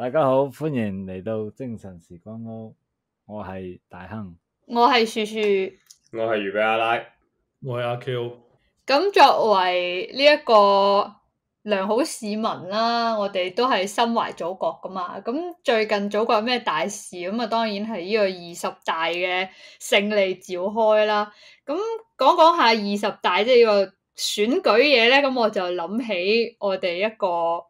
大家好，歡迎嚟到精神時光屋。我係大亨，我係樹樹，我係魚比阿拉，我係阿 Q。咁作為呢一個良好市民啦，我哋都係心懷祖國噶嘛。咁最近祖國有咩大事？咁啊，當然係呢個二十大嘅勝利召開啦。咁講講下二十大即係呢個選舉嘢咧，咁我就諗起我哋一個。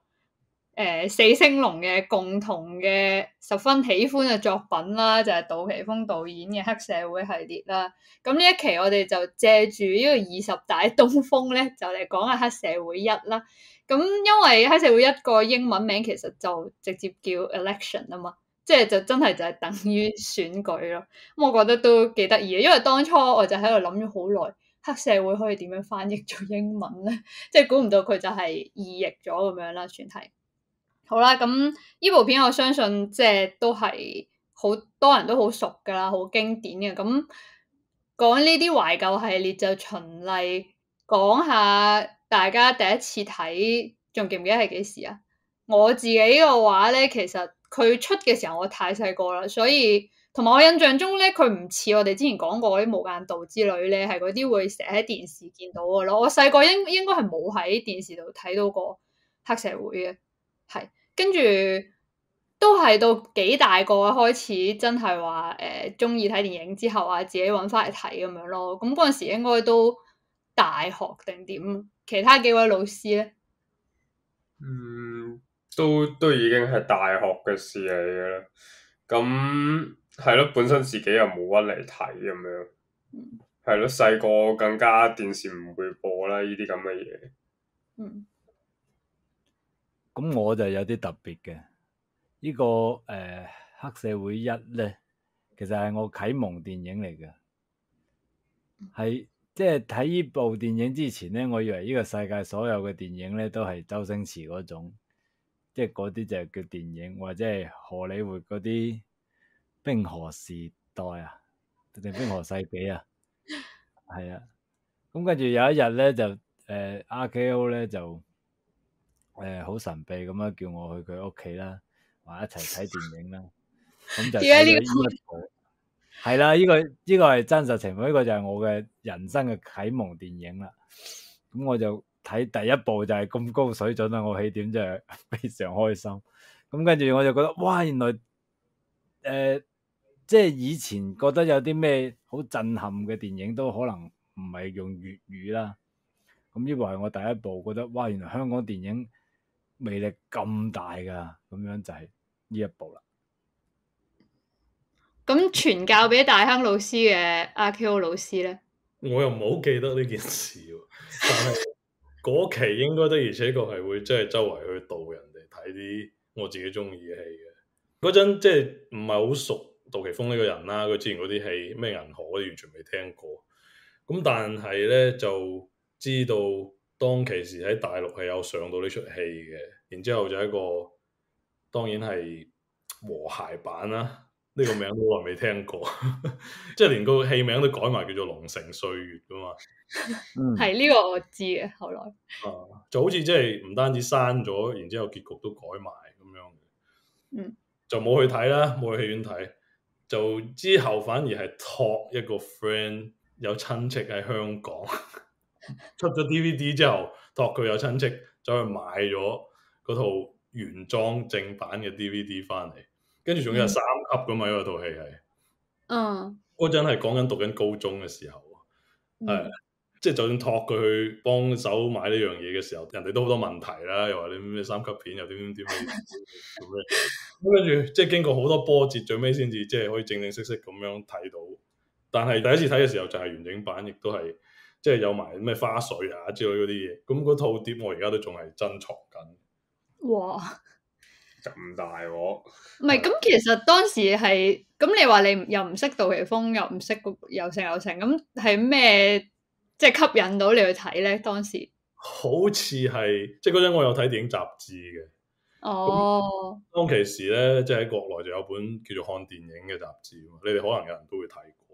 誒、呃、四星龍嘅共同嘅十分喜歡嘅作品啦，就係、是、杜琪峯導演嘅黑社會系列啦。咁呢一期我哋就借住呢個二十大東風咧，就嚟講下黑社會一啦。咁因為黑社會一個英文名其實就直接叫 Election 啊嘛，即係就真係就係等於選舉咯。咁我覺得都幾得意嘅，因為當初我就喺度諗咗好耐，黑社會可以點樣翻譯做英文咧？即係估唔到佢就係意譯咗咁樣啦，全係。好啦，咁呢部片我相信即係都係好多人都好熟噶啦，好經典嘅。咁講呢啲懷舊系列就循例講下，大家第一次睇仲記唔記得係幾時啊？我自己嘅話咧，其實佢出嘅時候我太細個啦，所以同埋我印象中咧，佢唔似我哋之前講過嗰啲無間道之類咧，係嗰啲會成日喺電視見到嘅咯。我細個應應該係冇喺電視度睇到過黑社會嘅，係。跟住都係到幾大個開始真，真係話誒中意睇電影之後啊，自己揾翻嚟睇咁樣咯。咁嗰陣時應該都大學定點？其他幾位老師呢，嗯，都都已經係大學嘅事嚟嘅啦。咁係咯，本身自己又冇乜嚟睇咁樣。係咯，細個更加電視唔會播啦，呢啲咁嘅嘢。嗯。咁我就有啲特別嘅，呢、呢個誒、呃、黑社會一咧，其實係我啟蒙電影嚟嘅，係即係睇呢部電影之前咧，我以為呢個世界所有嘅電影咧都係周星馳嗰種，即係嗰啲就叫電影，或者係荷里活嗰啲冰河時代啊，定冰河世紀啊，係啊，咁跟住有一日咧就誒 RKO 咧就，呃誒，好、呃、神秘，咁樣叫我去佢屋企啦，話一齊睇電影啦。咁、嗯、就睇係啦，呢、這個呢、這個係真實情況，呢、這個就係我嘅人生嘅啟蒙電影啦。咁、嗯、我就睇第一部就係咁高水準啦，我起點就係非常開心。咁跟住我就覺得哇，原來誒、呃，即係以前覺得有啲咩好震撼嘅電影都可能唔係用粵語啦。咁呢部係我第一部覺得哇，原來香港電影。魅力咁大噶，咁樣就係呢一部啦。咁傳教畀大亨老師嘅阿 Q 老師咧，我又唔好記得呢件事。但係嗰期應該都而且確係會即係周圍去導人哋睇啲我自己中意嘅戲嘅。嗰陣即係唔係好熟杜琪峰呢個人啦，佢之前嗰啲戲咩銀河，我完全未聽過。咁但係咧就知道。當其時喺大陸係有上到呢出戲嘅，然之後就係一個當然係和諧版啦。呢、這個名我未聽過， 即係連個戲名都改埋叫做《龍城歲月》噶嘛。係呢個我知嘅，後來。啊，就好似即係唔單止刪咗，然之後結局都改埋咁樣。嗯。Mm. 就冇去睇啦，冇去戲院睇。就之後反而係託一個 friend 有親戚喺香港。 出咗 DVD 之後，託佢有親戚走去買咗嗰套原裝正版嘅 DVD 翻嚟，跟住仲有三級噶嘛？嗰套戲係，嗯，嗰陣係講緊讀緊高中嘅時候，係即係，嗯，就，就算託佢去幫手買呢樣嘢嘅時候，人哋都好多問題啦，又話你咩三級片又，又點點點咩咁樣，咁跟住即係經過好多波折，最尾先至即係可以正正式式咁樣睇到，但係第一次睇嘅時候就係原整版，亦都係。即係有埋咩花絮啊之類嗰啲嘢，咁嗰套碟我而家都仲係珍藏緊。哇！咁大我唔係咁，是是其實當時係咁，你話你又唔識杜琪峰，又唔識個又成又成，咁係咩即係吸引到你去睇咧？當時好似係即係嗰陣我有睇電影雜誌嘅。哦，當其時咧，即係喺國內就有本叫做《看電影》嘅雜誌啊，你哋可能有人都會睇過。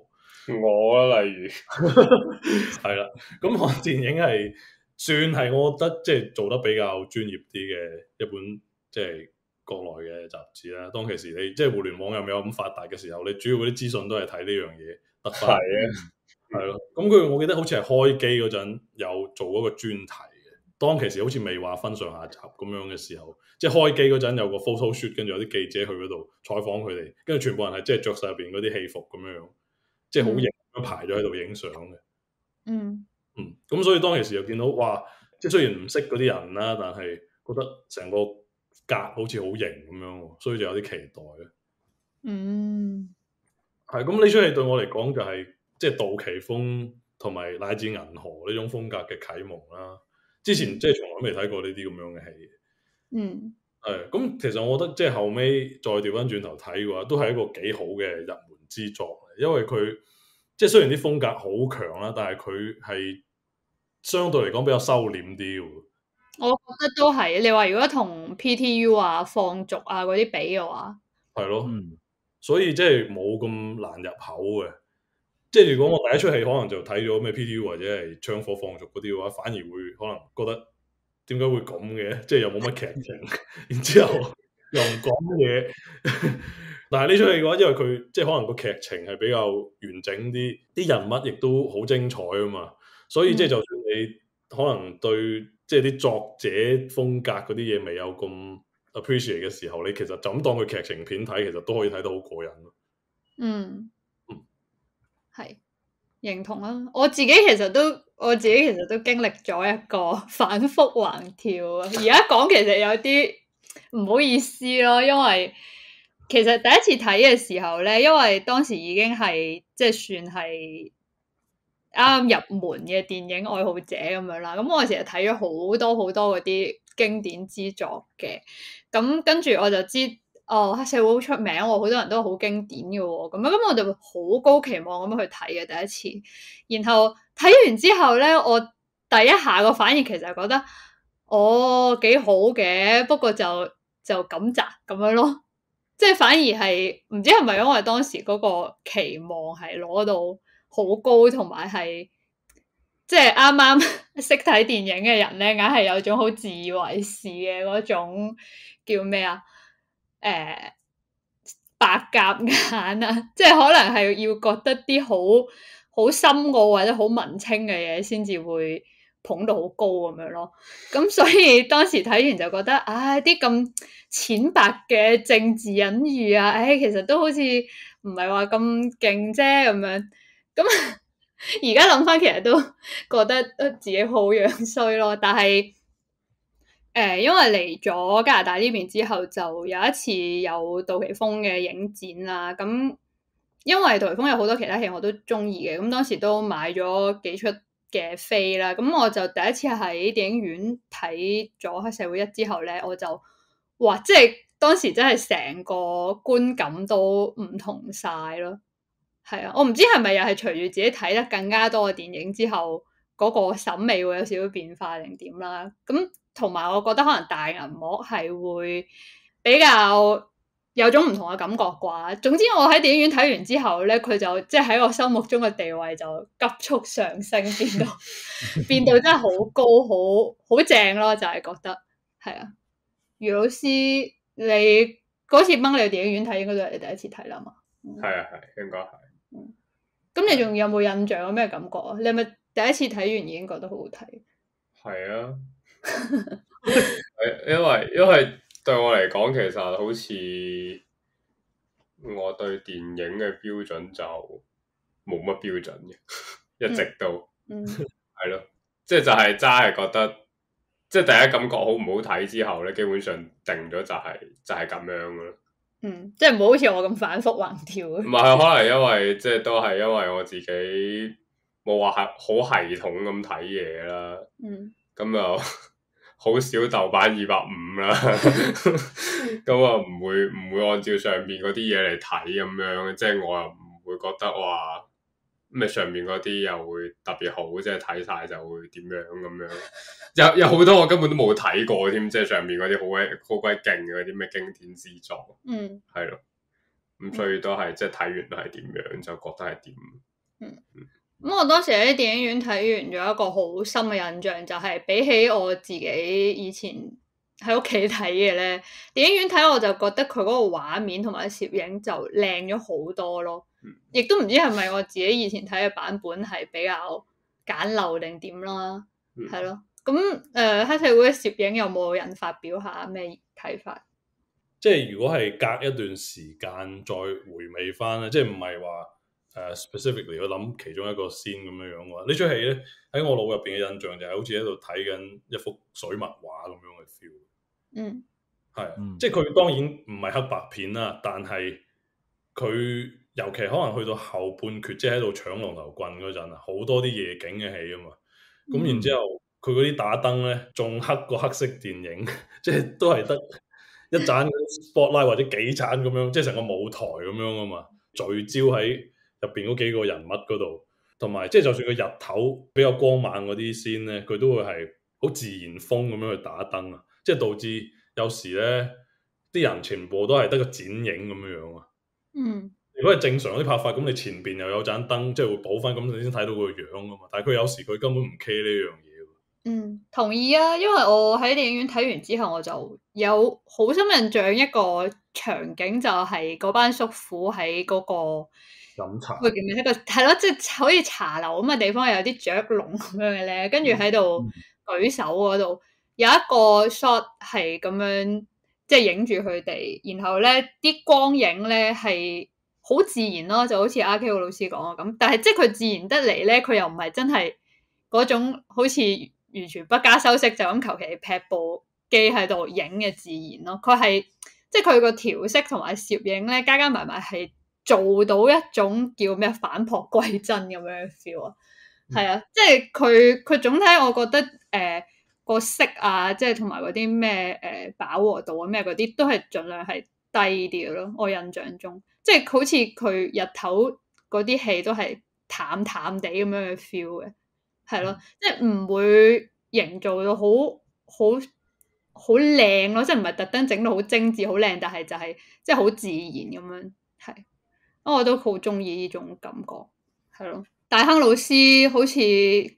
我、啊、例如係啦，咁 看 電影係算係我覺得即係、就是、做得比較專業啲嘅一本即係、就是、國內嘅雜誌啦。當其時你即係、就是、互聯網又未有咁發達嘅時候，你主要嗰啲資訊都係睇呢樣嘢得翻。係啊，係咯。咁佢我記得好似係開機嗰陣有做嗰個專題嘅。當其時好似未話分上下集咁樣嘅時候，即、就、係、是、開機嗰陣有個 photo shoot，跟住有啲記者去嗰度採訪佢哋，跟住全部人係即係着晒入邊嗰啲戲服咁樣。即係好型，排咗喺度影相嘅。嗯嗯，咁、嗯、所以當其時又見到，哇！即係雖然唔識嗰啲人啦，但係覺得成個格好似好型咁樣，所以就有啲期待嘅。嗯，係咁，呢出戲對我嚟講就係、是、即係杜琪峰同埋乃至銀河呢種風格嘅啟蒙啦。之前即係從來未睇過呢啲咁樣嘅戲。嗯，係。咁其實我覺得即係後尾再調翻轉頭睇嘅話，都係一個幾好嘅入門之作。因為佢即係雖然啲風格好強啦，但係佢係相對嚟講比較收斂啲。我覺得都係你話，如果同 PTU 啊放逐啊嗰啲比嘅話，係咯，嗯，所以即係冇咁難入口嘅。即係如果我第一出戲可能就睇咗咩 PTU 或者係槍火放逐嗰啲嘅話，反而會可能覺得點解會咁嘅？即係又冇乜劇情， 然之後又唔講嘢。 但係呢出戲嘅話，因為佢即係可能個劇情係比較完整啲，啲人物亦都好精彩啊嘛，所以即係就算你可能對、嗯、即係啲作者風格嗰啲嘢未有咁 appreciate 嘅時候，你其實就咁當佢劇情片睇，其實都可以睇到好過癮咯。嗯，係認、嗯、同啦、啊。我自己其實都我自己其實都經歷咗一個反覆橫跳啊。而家講其實有啲唔好意思咯，因為。其實第一次睇嘅時候咧，因為當時已經係即係算係啱啱入門嘅電影愛好者咁樣啦。咁、嗯、我成日睇咗好多好多嗰啲經典之作嘅，咁、嗯、跟住我就知哦，黑社會好出名，好多人都好經典嘅、哦，咁咁、嗯、我就好高期望咁去睇嘅第一次。然後睇完之後咧，我第一下個反應其實係覺得哦，幾好嘅，不過就就咁咋咁樣咯。即係反而係唔知係咪因為當時嗰個期望係攞到好高，同埋係即係啱啱識睇電影嘅人咧，硬係有種好自以為是嘅嗰種叫咩啊？誒、呃，白鴿眼啊！即係可能係要覺得啲好好深奧或者好文青嘅嘢先至會。捧到好高咁樣咯，咁所以當時睇完就覺得，唉、啊，啲咁淺白嘅政治隱喻啊，唉、哎，其實都好似唔係話咁勁啫咁樣。咁而家諗返，其實都覺得自己好樣衰咯。但係誒、呃，因為嚟咗加拿大呢邊之後，就有一次有杜琪峰嘅影展啦。咁因為杜琪峰有好多其他戲我都鍾意嘅，咁當時都買咗幾出嘅飛啦，咁我就第一次喺電影院睇咗《黑社會一》之後咧，我就哇，即係當時真係成個觀感都唔同晒咯。係啊，我唔知係咪又係隨住自己睇得更加多嘅電影之後，嗰個審美會有少少變化定點啦。咁同埋我覺得可能大銀幕係會比較。有種唔同嘅感覺啩，總之我喺電影院睇完之後咧，佢就即係喺我心目中嘅地位就急速上升，變到 變到真係好高，好好正咯，就係、是、覺得係啊。余老師，你嗰次掹你去電影院睇，應該都係你第一次睇啦嘛？係啊，係應該係。嗯，咁你仲有冇印象有咩感覺啊？你係咪第一次睇完已經覺得好好睇？係啊 因，因為因為。對我嚟講，其實好似我對電影嘅標準就冇乜標準嘅，嗯、 一直都係咯，即係就係齋係覺得，即係第一感覺好唔好睇之後咧，基本上定咗就係、是、就係、是、咁樣噶啦。嗯，即係唔好好似我咁反覆橫跳是。唔係，可能因為即係都係因為我自己冇話係好系統咁睇嘢啦。嗯，咁又。好少豆瓣二百五啦，咁啊唔會唔會按照上面嗰啲嘢嚟睇咁樣，即係我又唔會覺得話咩上面嗰啲又會特別好，即係睇晒就會點樣咁樣。有有好多我根本都冇睇過添，即係上面嗰啲好鬼好鬼勁嗰啲咩經典之作，嗯，係咯，咁所以都係即係睇完係點樣就覺得係點。嗯。咁我當時喺電影院睇完咗一個好深嘅印象，就係、是、比起我自己以前喺屋企睇嘅咧，電影院睇我就覺得佢嗰個畫面同埋攝影就靚咗好多咯。亦都唔知係咪我自己以前睇嘅版本係比較簡陋定點啦？係、嗯、咯，咁誒、呃，黑社會嘅攝影有冇人發表下咩睇法？即係如果係隔一段時間再回味翻咧，即係唔係話。誒、uh，specifically 去諗其中一個先咁樣樣嘅話，戲呢出戲咧喺我腦入邊嘅印象就係好似喺度睇緊一幅水墨畫咁樣嘅 feel。嗯，係，即係佢當然唔係黑白片啦，但係佢尤其可能去到後半截，即係喺度搶龍頭棍嗰陣，好多啲夜景嘅戲啊嘛。咁、mm. 然之後佢嗰啲打燈咧，仲黑過黑色電影， 即係都係得一盞 spotlight 或者幾盞咁樣，即係成個舞台咁樣啊嘛，聚焦喺。入邊嗰幾個人物嗰度，同埋即係就算個日頭比較光猛嗰啲先咧，佢都會係好自然風咁樣去打燈啊，即係導致有時咧，啲人全部都係得個剪影咁樣樣啊。嗯，如果係正常啲拍法，咁你前邊又有盞燈，即係會補翻，咁你先睇到個樣噶嘛。但係佢有時佢根本唔 care 呢樣嘢。嗯，同意啊，因為我喺電影院睇完之後，我就有好深印象一個場景，就係嗰班叔父喺嗰個飲 茶，佢仲要喺個係咯，即係好似茶樓咁嘅地方，又有啲雀籠咁樣嘅咧。跟住喺度舉手嗰度，有一個 shot 係咁樣，即係影住佢哋。然後咧啲光影咧係好自然咯，就好似阿 Ko 老師講咁。但係即係佢自然得嚟咧，佢又唔係真係嗰種好似完全不加修飾就咁求其劈部機喺度影嘅自然咯。佢係即係佢個調色同埋攝影咧，加加埋埋係。做到一種叫咩反璞歸真咁樣 feel 啊，係、嗯、啊，即係佢佢總體我覺得誒、呃、個色啊，即係同埋嗰啲咩誒飽和度啊咩嗰啲都係盡量係低啲咯。我印象中，即係好似佢日頭嗰啲戲都係淡淡地咁樣嘅 feel 嘅，係、啊、咯，即係唔會營造到好好好靚咯，即係唔係特登整到好精緻好靚，但係就係即係好自然咁樣係。我我都好中意呢種感覺，係咯。大亨老師好似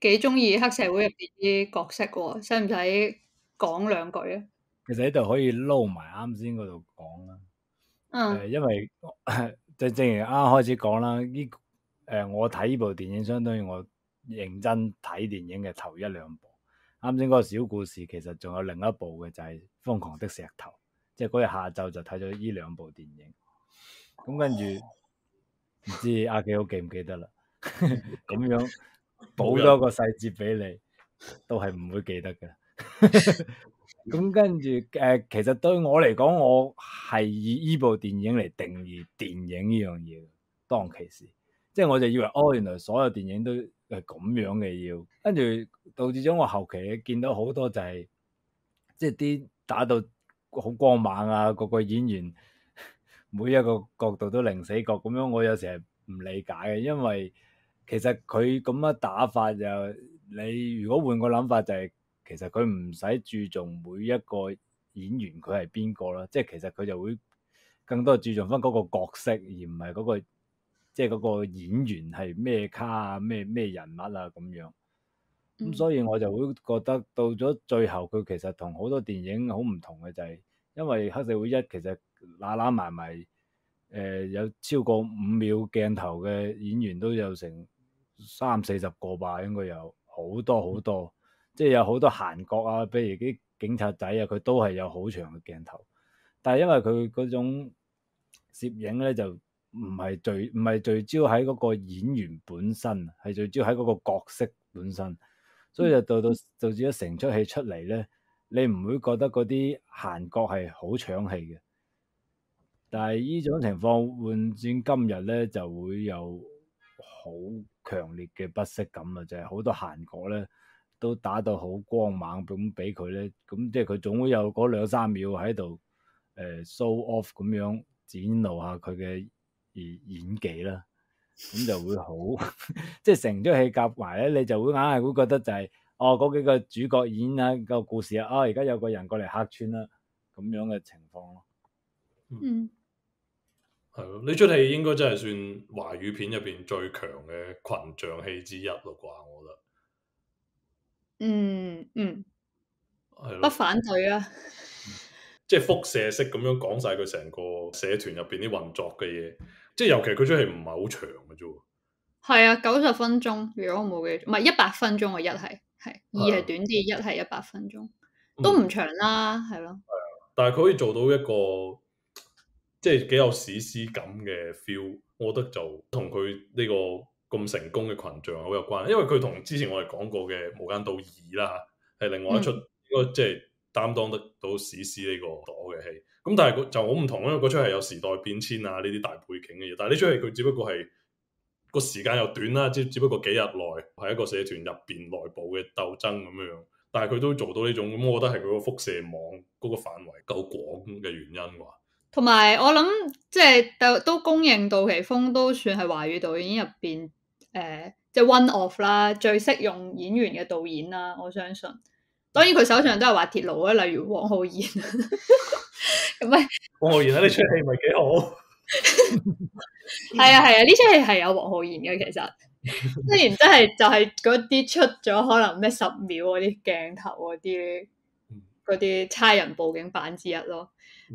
幾中意黑社會入邊啲角色喎，使唔使講兩句啊？其實喺度可以撈埋啱先嗰度講啦，誒、嗯呃，因為就正如啱啱開始講啦，依誒、呃、我睇呢部電影，相當於我認真睇電影嘅頭一兩部。啱先嗰個小故事，其實仲有另一部嘅，就是，就係《瘋狂的石頭》，即係嗰日下晝就睇咗依兩部電影，咁跟住。嗯唔知阿幾好記唔記得啦，咁 樣補多個細節俾你，都係唔會記得嘅。咁 跟住，誒、呃，其實對我嚟講，我係以依部電影嚟定義電影呢樣嘢嘅，當其時，即、就、係、是、我就以為，哦，原來所有電影都係咁樣嘅要的，跟住導致咗我後期見到好多就係、是，即係啲打到好光猛啊，個個演員。每一個角度都零死角咁樣，我有時係唔理解嘅，因為其實佢咁樣打法就，你如果換個諗法就係、是，其實佢唔使注重每一個演員佢係邊個啦，即係其實佢就會更多注重翻嗰個角色，而唔係嗰個即係嗰個演員係咩卡啊，咩咩人物啊咁樣。咁、嗯、所以我就會覺得到咗最後，佢其實同好多電影好唔同嘅就係、是，因為黑社會一其實。嗱嗱埋埋，誒、呃，有超過五秒鏡頭嘅演員都有成三四十個吧，應該有好多好多，即係有好多閒角啊。譬如啲警察仔啊，佢都係有好長嘅鏡頭。但係因為佢嗰種攝影咧，就唔係聚唔係聚焦喺嗰個演員本身，係聚焦喺嗰個角色本身，所以就到到導致咗成出戲出嚟咧，你唔會覺得嗰啲閒角係好搶戲嘅。但係呢種情況，換轉今日咧，就會有好強烈嘅不適感啊！就係、是、好多閒角咧，都打到好光猛咁俾佢咧，咁即係佢總會有嗰兩三秒喺度誒 show off 咁樣展露下佢嘅演演技啦，咁就會好，即係成出戲夾埋咧，你就會硬係會覺得就係、是、哦嗰幾個主角演啊、那個故事啊，啊而家有個人過嚟客串啦，咁樣嘅情況咯。嗯，係咯，呢出戲應該真係算華語片入邊最強嘅群像戲之一咯，啩，我覺得。嗯嗯，係、嗯、咯，的不反對啊，嗯、即係輻射式咁樣講晒佢成個社團入邊啲運作嘅嘢，即係尤其佢出戲唔係好長嘅啫。係啊，九十分鐘，如果我冇記錯，唔係一百分鐘啊，一係係二係短啲，一係一百分鐘，都唔長啦，係咯、嗯。啊的，但係佢可以做到一個。即係幾有史詩感嘅 feel，我覺得就同佢呢個咁成功嘅群像好有關，因為佢同之前我哋講過嘅《無間道二》啦，係另外一出應該即係擔當得到史詩呢個朵嘅戲。咁但係就好唔同，因為嗰出係有時代變遷啊呢啲大背景嘅嘢。但係呢出戲佢只不過係個時間又短啦，只只不過幾日內係一個社團入邊內部嘅鬥爭咁樣。但係佢都做到呢種，我覺得係佢個輻射網嗰個範圍夠廣嘅原因啩。同埋我諗，即係都都公認杜琪峰都算係華語導演入邊誒、呃，即係 one of 啦，最識用演員嘅導演啦。我相信，當然佢手上都係滑鐵盧啊，例如黃浩然咁 啊。黃、啊、浩然啊，呢出戲唔係幾好。係啊係啊，呢出戲係有黃浩然嘅，其實雖 然真係就係嗰啲出咗可能咩十秒嗰啲鏡頭嗰啲，嗰啲差人報警版之一咯，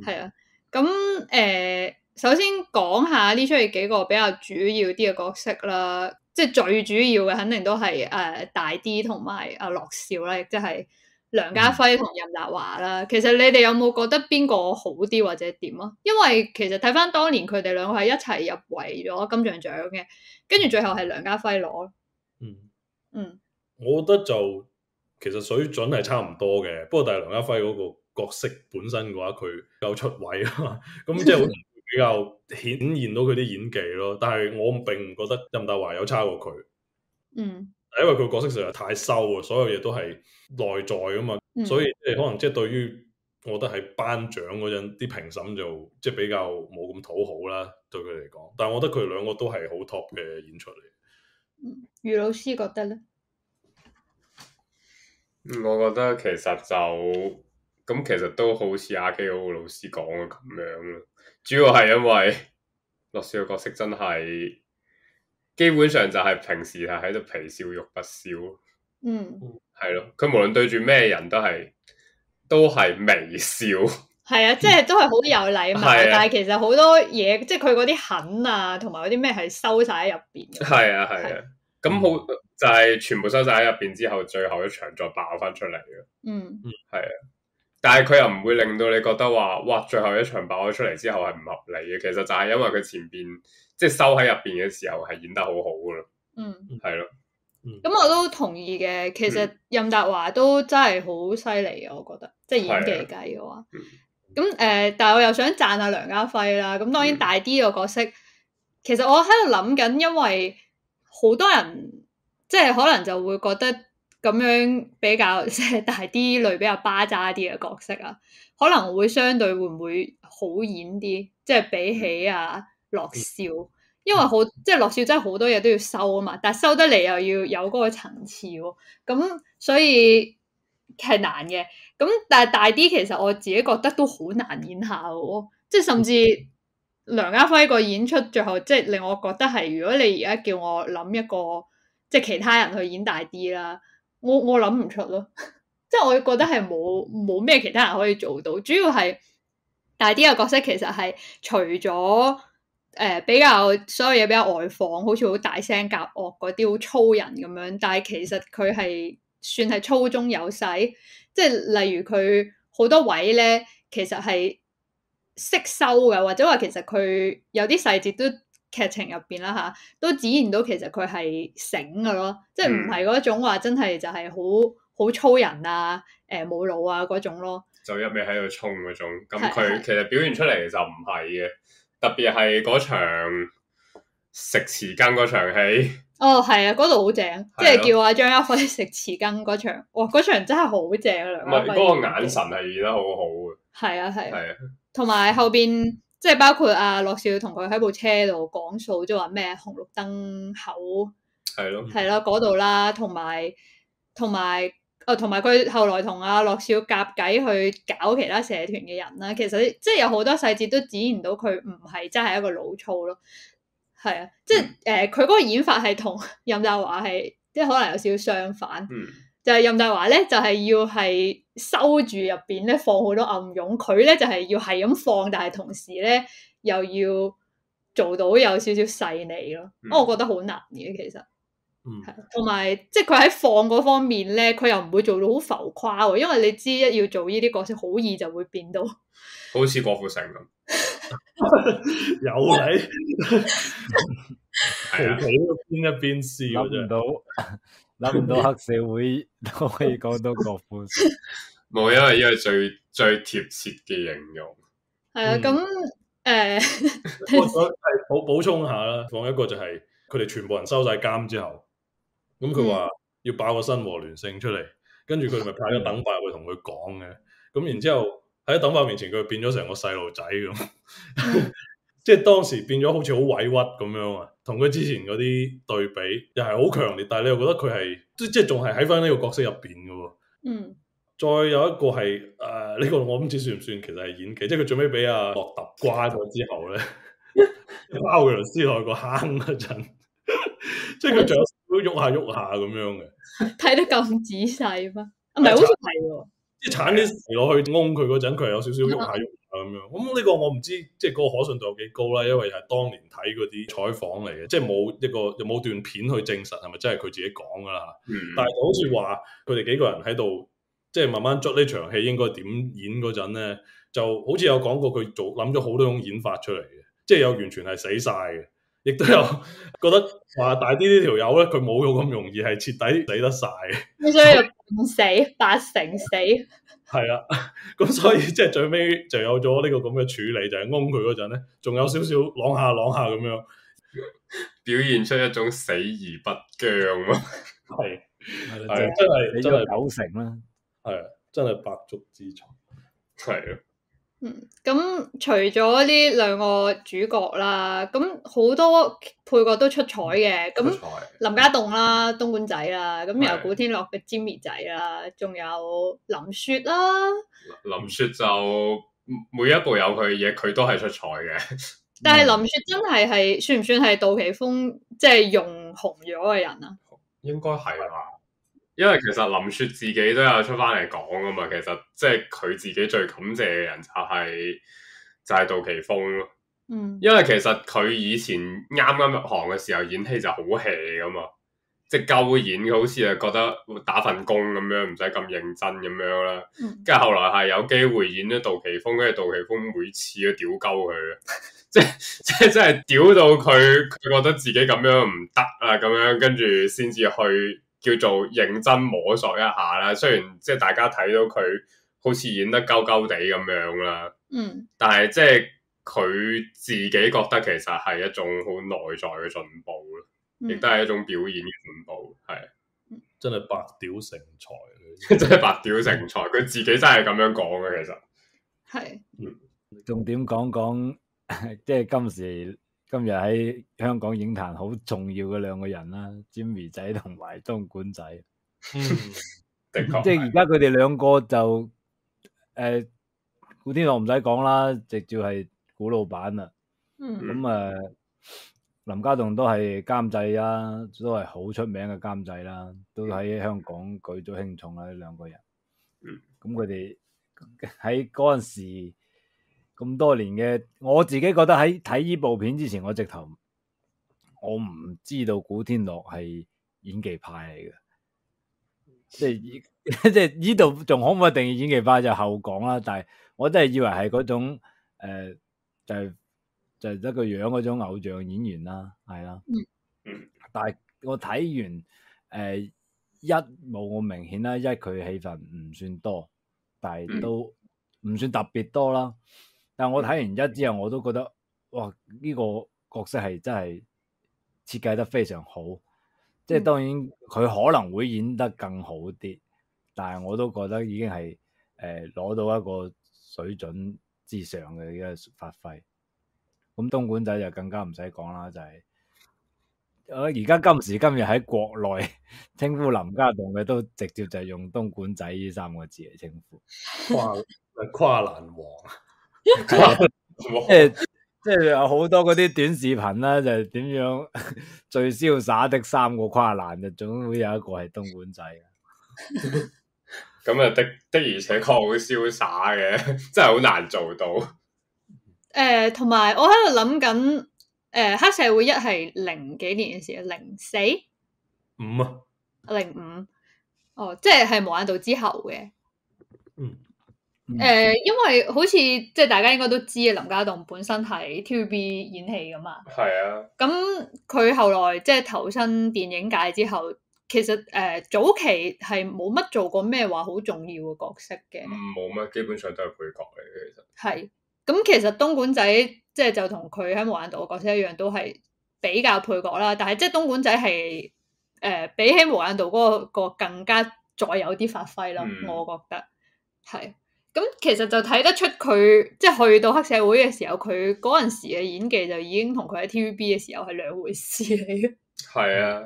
係啊。咁誒、呃，首先講下呢出戲幾個比較主要啲嘅角色啦，即係最主要嘅肯定都係誒、呃、大 D，同埋阿樂少啦，亦即係梁家輝同任達華啦。嗯、其實你哋有冇覺得邊個好啲或者點啊？因為其實睇翻當年佢哋兩個係一齊入圍咗金像獎嘅，跟住最後係梁家輝攞。嗯嗯，嗯我覺得就其實水準係差唔多嘅，不過但係梁家輝嗰、嗰個。角色本身嘅話，佢夠出位啊嘛。咁即係比較顯現到佢啲演技咯。但係我並唔覺得任達華有差過佢，嗯，因為佢角色實在太收啊，所有嘢都係內在啊嘛，嗯、所以即可能即係對於，我覺得喺頒獎嗰陣啲評審就即係比較冇咁討好啦，對佢嚟講。但係我覺得佢哋兩個都係好 top 嘅演出嚟。余老師覺得咧？我覺得其實就。咁其實都好似阿 K 嗰個老師講嘅咁樣咯，主要係因為樂少嘅角色真係基本上就係平時係喺度皮笑肉不笑咯。嗯，係咯，佢無論對住咩人都係都係微笑。係啊，即係都係好有禮貌，嗯啊、但係其實好多嘢，即係佢嗰啲狠啊，同埋嗰啲咩係收晒喺入邊嘅。係啊，係啊，咁好就係全部收晒喺入邊之後，最後一場再爆翻出嚟嘅。嗯，係啊。但係佢又唔會令到你覺得話，哇！最後一場爆咗出嚟之後係唔合理嘅，其實就係因為佢前邊即係收喺入邊嘅時候係演得好好噶啦。嗯，係咯，咁我都同意嘅。其實任達華都真係好犀利，我覺得即係、就是、演技計嘅話，咁誒、嗯呃，但係我又想讚下梁家輝啦。咁當然大啲個角色，嗯、其實我喺度諗緊，因為好多人即係、就是、可能就會覺得。咁樣比較即係大啲類比較巴渣啲嘅角色啊，可能會相對會唔會好演啲？即係比起阿樂少，因為好即係樂少真係好多嘢都要收啊嘛，但係收得嚟又要有嗰個層次喎、啊。咁、嗯、所以係難嘅。咁但係大啲其實我自己覺得都好難演下喎、啊。即係甚至梁家輝個演出最後，即係令我覺得係如果你而家叫我諗一個即係其他人去演大啲啦。我我諗唔出咯，即 係我覺得係冇冇咩其他人可以做到，主要係大啲嘅角色其實係除咗誒、呃、比較所有嘢比較外放，好似好大聲夾惡嗰啲好粗人咁樣，但係其實佢係算係粗中有細，即、就、係、是、例如佢好多位咧，其實係識收嘅，或者話其實佢有啲細節都。劇情入邊啦吓，都展現到其實佢係醒嘅咯，即係唔係嗰種話真係就係好好粗人啊，誒、欸、冇腦啊嗰種咯。就一味喺度衝嗰種，咁、嗯、佢其實表現出嚟就唔係嘅，係啊、係特別係嗰場食匙羹嗰場戲。哦，係啊，嗰度好正， 啊、即係叫阿張家輝食匙羹嗰場，哇，嗰場真係好正啊！唔係嗰個眼神係演得好好嘅，係啊係啊，同埋、啊啊啊、後邊。即係包括阿、啊、樂少同佢喺部車度講數，即係話咩紅綠燈口係咯，係咯嗰度啦，同埋同埋啊，同埋佢後來同阿樂少夾計去搞其他社團嘅人啦。其實即係、就是、有好多細節都展現到佢唔係真係一個老粗咯。係啊，即係誒，佢嗰、嗯呃、個演法係同任大華係即係可能有少少相反。嗯、就係任大華咧，就係、是、要係。收住入邊咧，放好多暗湧，佢咧就係、是、要係咁放，但係同時咧又要做到有少少細膩咯。我覺得好難嘅，其實，同埋、嗯、即係佢喺放嗰方面咧，佢又唔會做到好浮誇，因為你知一要做呢啲角色，好易就會變到好似郭富城咁， 有你禮，好好變啊變，試諗唔到。諗唔到黑社會都可以講到國父，冇， 因為因為最最貼切嘅形容係啊。咁誒，我係補補充下啦，講一個就係佢哋全部人收晒監之後，咁佢話要爆個新和聯勝出嚟，mm. 跟住佢咪派咗鄧伯去同佢講嘅。咁然之後喺鄧伯面前，佢變咗成個細路仔咁，即 係當時變咗好似好委屈咁樣啊。同佢之前嗰啲對比，又係好強烈，但係你又覺得佢係即即係仲係喺翻呢個角色入邊嘅喎。嗯，再有一個係誒呢個我算算，我唔知算唔算其實係演技，即係佢最尾俾阿樂揼瓜咗之後咧，挖威廉斯奈個坑嗰陣， 即係佢仲有少少喐下喐下咁樣嘅。睇得咁仔細嗎？唔係好似係喎，即係鏟啲石落去掹佢嗰陣，佢有少少喐下喐。咁樣，咁呢、嗯、個我唔知，即係個可信度有幾高啦，因為係當年睇嗰啲採訪嚟嘅，即係冇一個又冇段片去證實係咪真係佢自己講㗎喇。嗯、但係好似話佢哋幾個人喺度，即係慢慢捉場戲呢場戲應該點演嗰陣咧，就好似有講過佢做諗咗好多種演法出嚟嘅，即係有完全係死晒嘅，亦都有 覺得話大啲呢條友咧，佢冇咁容易係徹底死得晒， 所以要半死八成死。係啊，咁所以即係最尾就有咗呢個咁嘅處理，就係嗡佢嗰陣咧，仲有少少啷下啷下咁樣，表現出一種死而不僵咯啊。係，真係真係九成啦，係，真係百足之蟲，係啊。嗯，咁、嗯嗯嗯、除咗呢兩個主角啦，咁、嗯、好多配角都出彩嘅。咁、嗯、彩林家棟啦，東莞仔啦，咁由古天樂嘅 Jimmy 仔啦，仲有林雪啦。林，林雪就每一部有佢嘅嘢，佢都係出彩嘅。 但係林雪真係係算唔算係杜琪峰即係用紅咗嘅人啊？應該係吧。因為其實林雪自己都有出翻嚟講啊嘛，其實即係佢自己最感謝嘅人就係、是、就係、是、杜琪峰咯。嗯，因為其實佢以前啱啱入行嘅時候演戲就好 hea 噶嘛，即係夠演，佢好似啊覺得打份工咁樣，唔使咁認真咁樣啦。跟住、嗯、後來係有機會演咗杜琪峰，跟住杜琪峰每次都屌鳩佢， 即係即係真係屌到佢，佢覺得自己咁樣唔得啊，咁樣跟住先至去。叫做認真摸索一下啦，雖然即係大家睇到佢好似演得鳩鳩地咁樣啦，嗯，但係即係佢自己覺得其實係一種好內在嘅進步咯，亦都係一種表演嘅進步，係真係白屌成才， 真係白屌成才，佢、嗯、自己真係咁樣講嘅，其實係，是嗯、重點講講即係、就是、今時。今日喺香港影壇好重要嘅兩個人啦、啊、，Jimmy 仔同埋東莞仔，嗯、 即係而家佢哋兩個就，誒、呃，古天樂唔使講啦，直接係古老闆啦，咁啊、嗯嗯嗯，林家棟都係監製啊，都係好出名嘅監製啦，都喺香港舉足輕重啊，呢兩個人，咁佢哋喺嗰陣時。咁多年嘅，我自己覺得喺睇依部片之前，我直頭我唔知道古天樂係演技派嚟嘅，即係即係呢度仲可唔可以定義演技派就後講啦。但係我真係以為係嗰種誒、呃、就係、就得、係、個樣嗰種偶像演員啦，係啦。但係我睇完誒、呃、一冇咁明顯啦，一佢戲份唔算多，但係都唔算特別多啦。但我睇完一之後，我都覺得哇，呢、這個角色係真係設計得非常好。即係當然佢可能會演得更好啲，但係我都覺得已經係誒攞到一個水準之上嘅一個發揮。咁東莞仔就更加唔使講啦，就係誒而家今時今日喺國內稱 呼林家棟嘅，都直接就係用東莞仔呢三個字嚟稱呼。跨跨欄王。即係即係有好多嗰啲短視頻啦，就係點樣最瀟灑的三個跨欄，就總會有一個係東莞仔嘅。咁啊的的，而且確好瀟灑嘅，真係好難做到。誒，同埋我喺度諗緊，誒，黑社會一係零幾年嘅時候，零四五啊，嗯、零五，哦，即係係無間道之後嘅，嗯。誒，嗯、因為好似即係大家應該都知嘅，林家棟本身係 TVB 演戲噶嘛。係啊。咁佢後來即係、就是、投身電影界之後，其實誒、呃、早期係冇乜做過咩話好重要嘅角色嘅。冇乜，基本上都係配角嚟嘅。其實係。咁其實東莞仔即係就同佢喺《無間道》嘅角色一樣，都係比較配角啦。但係即係東莞仔係誒、呃、比起眼、那個《無間道》嗰個個更加再有啲發揮咯，嗯、我覺得係。咁其實就睇得出佢即係去到黑社會嘅時候，佢嗰陣時嘅演技就已經同佢喺 TVB 嘅時候係兩回事嚟。係啊，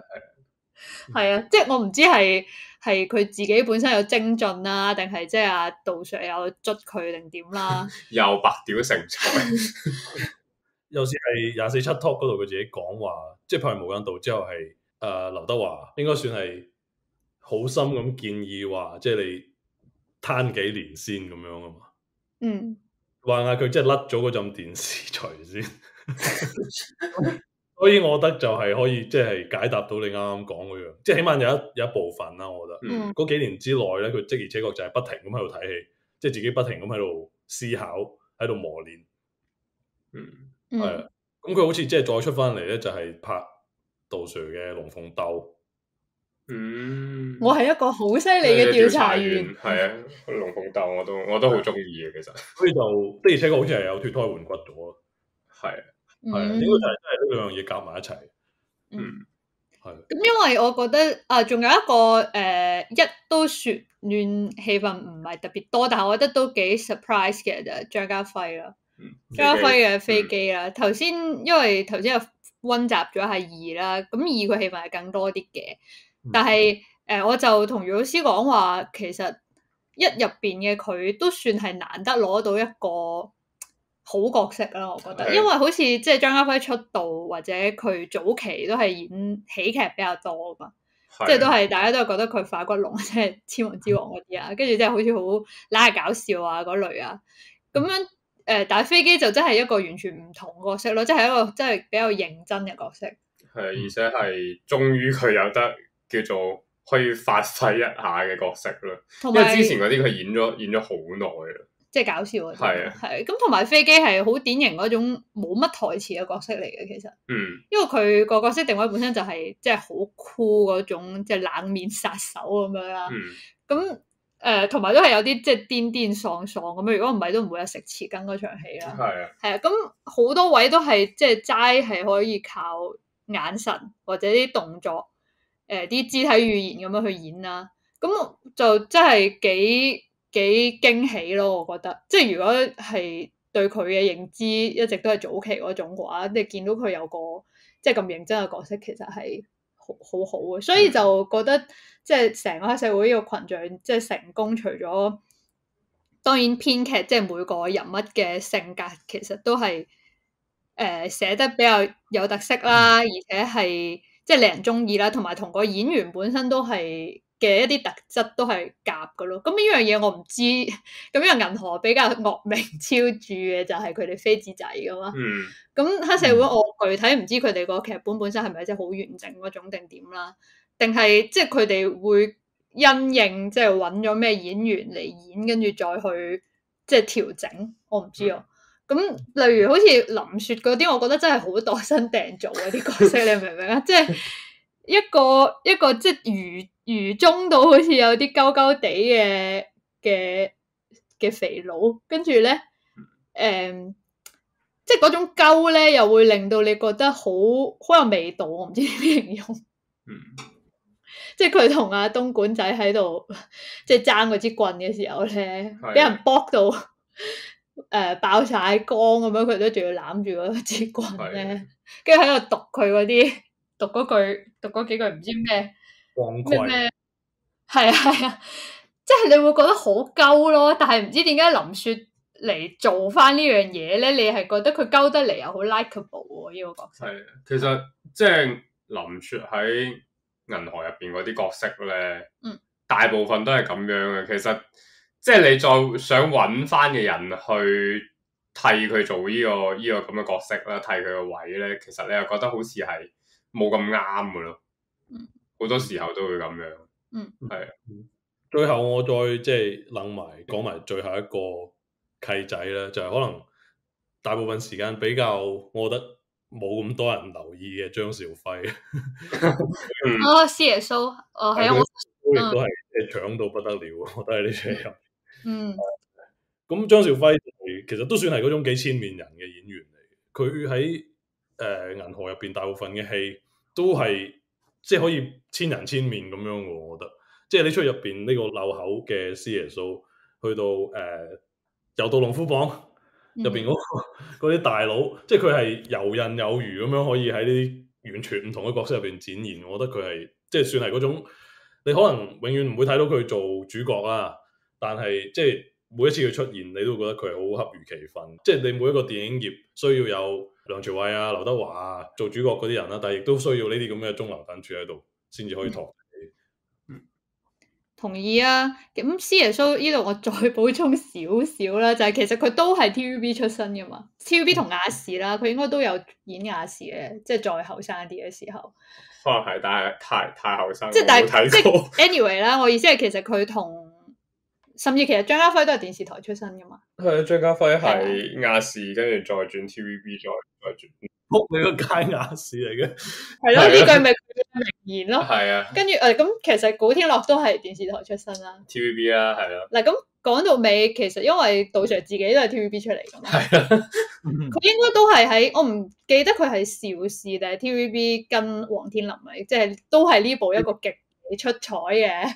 係啊，即係我唔知係係佢自己本身有精進啦，定係即係阿杜 sir 有捽佢定點啦？又白屌成才，有時係廿四七 talk 嗰度，佢自己講話，即係拍完《無間道》之後，係誒劉德華應該算係好心咁建議話，即係你。攤幾年先咁樣啊嘛，嗯，話下佢即係甩咗嗰陣電視除先， 所以我覺得就係可以即係解答到你啱啱講嗰樣，即係起碼有一有一部分啦。我覺得，嗯，嗰幾年之內咧，佢即而且確實就係不停咁喺度睇戲，即係自己不停咁喺度思考，喺度磨練，嗯，係啊，咁佢好似即係再出翻嚟咧，就係拍杜 Sir 嘅《龍鳳鬥》。嗯，我係一個好犀利嘅調查員，係啊，龍鳳鬥我都我都好中意嘅，其實，所以就的而且確好似係有脫胎換骨咗，係係，呢、嗯這個就係真係呢兩樣嘢夾埋一齊，嗯，係的。咁因為我覺得啊，仲有一個誒、呃，一都雪暖氣氛唔係特別多，但係我覺得都幾 surprise、嗯、嘅就張家輝啦，張家輝嘅飛機啦，頭先因為頭先又溫習咗下二啦，咁二個氣氛係更多啲嘅。但係，誒、呃，我就同余老師講話，其實一入邊嘅佢都算係難得攞到一個好角色啦。我覺得，的因為好似即係張家輝出道或者佢早期都係演喜劇比較多啊嘛，即係的都係大家都係覺得佢化骨龍即係《就是、千王之王》嗰啲啊，跟住即係好似好拉搞笑啊嗰類啊。咁樣誒，但、呃、打飛機就真係一個完全唔同角色咯，即、就、係、是、一個真係比較認真嘅角色。係，而且係終於佢有得，叫做可以發揮一下嘅角色咯，有因為之前嗰啲佢演咗演咗好耐啦，即係搞笑啊，係啊的，係咁同埋飛機係好典型嗰種冇乜台詞嘅角色嚟嘅。其實，嗯，因為佢個角色定位本身就係即係好酷嗰種，即係冷面殺手咁樣啦，咁誒，嗯，同埋，呃，都係有啲即係癲癲喪喪咁樣，如果唔係都唔會有食匙羹嗰場戲啦，係啊的，係啊的，咁好多位都係即係齋係可以靠眼神或者啲動作。誒，啲、呃、肢體語言咁樣去演啦、啊，咁、嗯、就真係幾幾驚喜咯，我覺得。即係如果係對佢嘅認知一直都係早期嗰種嘅話，你係見到佢有個即係咁認真嘅角色，其實係好好好嘅。所以就覺得即係成個黑社會呢個群像即係成功除，除咗當然編劇即係每個人物嘅性格其實都係誒、呃、寫得比較有特色啦，而且係。即係令人中意啦，同埋同個演員本身都係嘅一啲特質都係夾噶咯。咁呢樣嘢我唔知。咁因為銀河比較惡名昭著嘅就係佢哋飛紙仔噶嘛。咁、嗯、黑社會我具體唔知佢哋個劇本本身係咪真係好完整嗰種定點啦？定係即係佢哋會因應即係揾咗咩演員嚟演，跟住再去即係調整。我唔知啊。嗯咁，例如好似林雪嗰啲，我覺得真係好度身訂造嗰啲角色，你明唔明啊？ 即係一個一個即係愚愚忠到好似有啲鳩鳩哋嘅嘅嘅肥佬，跟住咧，誒、嗯，即係嗰種鳩咧，又會令到你覺得好好有味道。我唔知點形容。嗯、 即係佢同阿東莞仔喺度，即係爭嗰支棍嘅時候咧，俾的人搏到。誒、呃，爆晒光咁樣，佢都仲要攬住嗰支棍咧，跟住喺度讀佢嗰啲，讀嗰句，讀嗰幾句唔知咩，王奎概，係啊係啊，即係你會覺得好鳩咯，但係唔知點解林雪嚟做翻呢樣嘢咧？你係覺得佢鳩得嚟又好 likeable？呢、呢個角色係其實即係林雪喺銀河入邊嗰啲角色咧，嗯，大部分都係咁樣嘅，其實。即係你再想揾翻嘅人去替佢做呢、這個呢、這個咁嘅角色啦，替佢個位咧，其實你又覺得好似係冇咁啱嘅咯。好、嗯、多時候都會咁樣。嗯，係啊的。最後我再即係諗埋講埋最後一個契仔啦，就係、是、可能大部分時間比較我覺得冇咁多人留意嘅張兆輝、 哦。哦，師爺蘇哦，係啊、嗯，蘇亦都係即搶到不得了，我都係呢只 Mm hmm. 嗯，咁張兆輝其實都算係嗰種幾千面人嘅演員嚟，佢喺誒銀河入邊大部分嘅戲都係即係可以千人千面咁樣我覺得，即係你出去入邊呢個漏口嘅師爺蘇，去到誒柔道龍虎榜入邊嗰個啲，mm hmm. 大佬，即係佢係游刃有餘咁樣可以喺呢啲完全唔同嘅角色入邊展現，我覺得佢係即係算係嗰種，你可能永遠唔會睇到佢做主角啊。但係即係每一次佢出現，你都覺得佢係好恰如其分。即係你每一個電影業需要有梁朝偉啊、劉德華啊做主角嗰啲人啦，但係亦都需要呢啲咁嘅中流砥柱喺度，先至可以托起。嗯，同意啊。咁 c 爺蘇呢度我再補充少少啦，就係其實佢都係 TVB 出身噶嘛。TVB 同亞視啦，佢應該都有演亞視嘅，即係再後生啲嘅時候。可能係，但係太太後生，即係但係睇過。Anyway 啦，我意思係其實佢同。甚至其實張家輝都係電視台出身噶嘛，係啊！張家輝係亞視，跟住再轉 TVB，再再轉，仆、嗯、你個街亞視嚟嘅，係咯了，呢了句咪名言咯，係啊了。跟住誒咁，呃、其實古天樂都係電視台出身啦，TVB 啦，係啊。嗱咁、嗯、講到尾，其實因為杜 Sir 自己都係 TVB 出嚟噶嘛，係啊對了，佢 應該都係喺我唔記得佢係邵氏定係 TVB 跟黃天林咪，即、就、係、是、都係呢部一個極出彩嘅。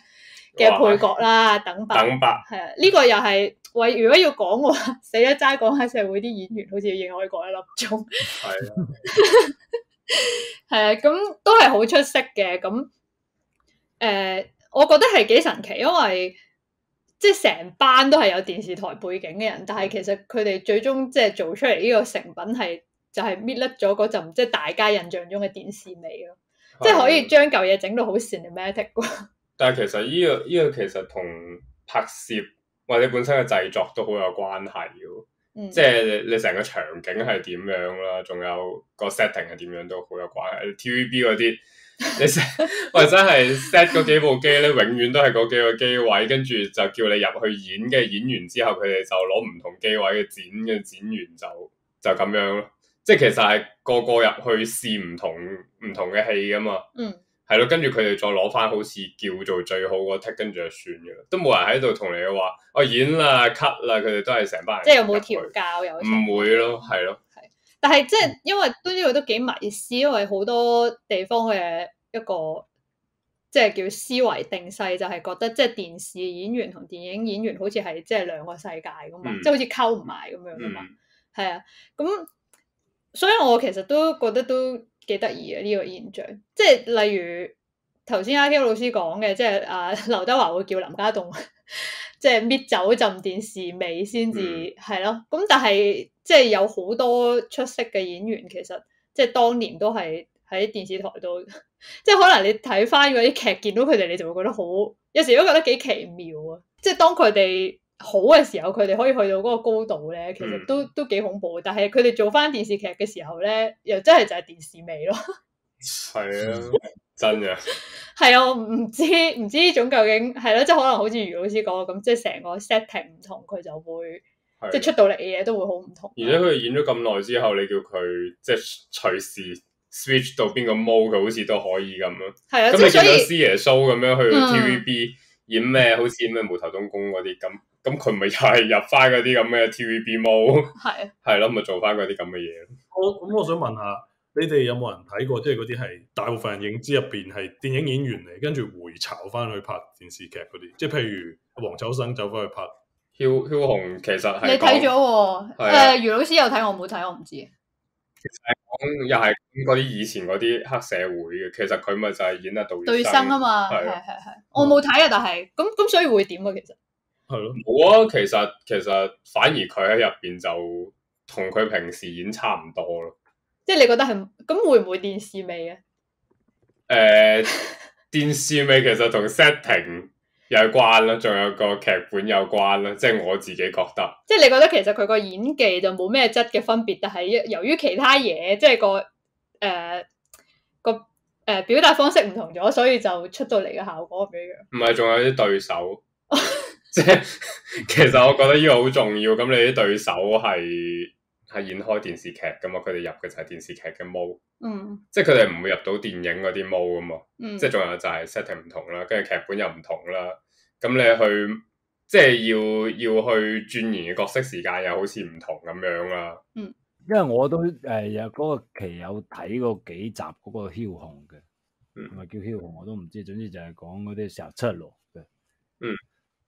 嘅配角啦，哇等白，係啊白，呢、這個又係喂，如果要講嘅話，死一齋講下黑社會啲演員，好似要認可過一粒鐘，係啊的，咁、 嗯、都係好出色嘅，咁、嗯、誒、呃，我覺得係幾神奇，因為即係成班都係有電視台背景嘅人，但係其實佢哋最終即係做出嚟呢個成品係就係搣甩咗嗰陣，即、就、係、是、大家印象中嘅電視味咯，即係的可以將舊嘢整到好 cinematic 嘅。但係其實呢、這個依、這個其實同拍攝或者本身嘅製作都好有關係嘅，嗯、即係你成個場景係點樣啦，仲有個 setting 係點樣都好有關。TVB 嗰啲， 你成 e t 或真係 set 嗰幾部機咧， 永遠都係嗰幾個機位，跟住就叫你入去演嘅 演完之後，佢哋就攞唔同機位嘅剪嘅，剪完就就咁樣咯。即係其實係個個入去試唔同唔同嘅戲噶嘛。嗯。係咯，跟住佢哋再攞翻好似叫做最好嗰 take，跟住就算嘅啦，都冇人喺度同你話我、哦、演啦 cut 啦，佢哋都係成班人即係冇調教、友情，唔會咯，係咯，係。但係即係因為都知佢都幾迷思，因為好多地方嘅一個即係、就是、叫思維定勢，就係、是、覺得即係電視演員同電影演員好似係即係兩個世界噶嘛，即係、嗯、好似溝唔埋咁樣噶嘛，係啊、嗯。咁所以我其實都覺得都。幾得意啊呢個現象，即係例如頭先阿 K 老師講嘅，即係阿劉德華會叫林家棟， 即係搣走浸電視尾先至係咯。咁、嗯、但係即係有好多出色嘅演員，其實即係當年都係喺電視台度，即係可能你睇翻嗰啲劇，見到佢哋，你就會覺得好，有時都覺得幾奇妙啊！即係當佢哋。好嘅時候佢哋可以去到嗰個高度咧，其實都都幾恐怖。但係佢哋做翻電視劇嘅時候咧，又真係就係電視味咯。係啊，真嘅。係啊，我唔知唔知呢種究竟係咯，即係可能好似余老師講咁，即係成個 setting 唔同，佢就會即係出到嚟嘅嘢都會好唔同。而且佢哋演咗咁耐之後，你叫佢即係隨時 switch 到邊個 mode，佢好似都可以咁咯。係啊，咁你見到師爺蘇咁樣去 TVB 演咩，好似咩無頭東宮嗰啲咁。咁佢咪又係入翻嗰啲咁嘅 TVB 模，係啊，係咯、啊，咪做翻嗰啲咁嘅嘢。我咁我想問下，你哋有冇人睇過，即係嗰啲係大部分人認知入邊係電影演員嚟，跟住回巢翻去拍電視劇嗰啲，即係譬如黃秋生走翻去拍《梟梟雄》，其實你睇咗喎，誒、啊呃，余老師有睇，我冇睇，我唔知其。其實講又係嗰啲以前嗰啲黑社會嘅，其實佢咪就係演得杜月笙啊嘛，係係係，我冇睇啊，啊啊但係咁咁，所以會點啊？其實。係咯，冇啊！其實其實反而佢喺入邊就同佢平時演差唔多咯。即係你覺得係咁會唔會電視味啊？誒、呃， 電視味其實同 setting 有關啦，仲有個劇本有關啦。即、就、係、是、我自己覺得，即係你覺得其實佢個演技就冇咩質嘅分別，但係由於其他嘢，即、就、係、是、個誒、呃、個誒、呃呃、表達方式唔同咗，所以就出到嚟嘅效果唔一樣。唔係，仲有啲對手。 即係 其實我覺得呢個好重要。咁你啲對手係係演開電視劇噶嘛？佢哋入嘅就係電視劇嘅毛，嗯，即係佢哋唔會入到電影嗰啲毛噶嘛。即係仲有就係 setting 唔同啦，跟住劇本又唔同啦。咁你去即係要要去轉型嘅角色，時間又好似唔同咁樣啦，啊。嗯，因為我都誒有嗰個期有睇過幾集嗰個紅《梟雄》嘅、嗯，係咪叫《梟雄》我都唔知。總之就係講嗰啲十七路嘅，嗯。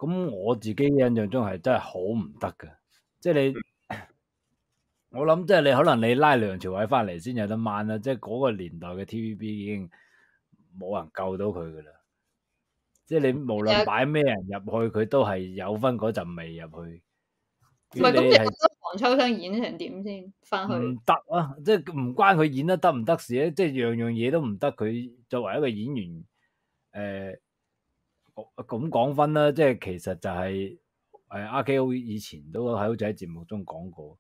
咁我自己印象中係真係好唔得嘅，即係你，我諗即係你可能你拉梁朝偉翻嚟，先有得掹啦，即係嗰個年代嘅 TVB 已經冇人救到佢噶啦，即係你無論擺咩人入去，佢都係有分嗰陣味入去。唔係咁，你覺得黃秋生演成點先翻去？唔得啊！即係唔關佢演得得唔得事咧，即係樣樣嘢都唔得。佢作為一個演員，誒、呃。咁講翻啦，即係其實就係誒，阿 Ko 以前都喺好似喺節目中講過，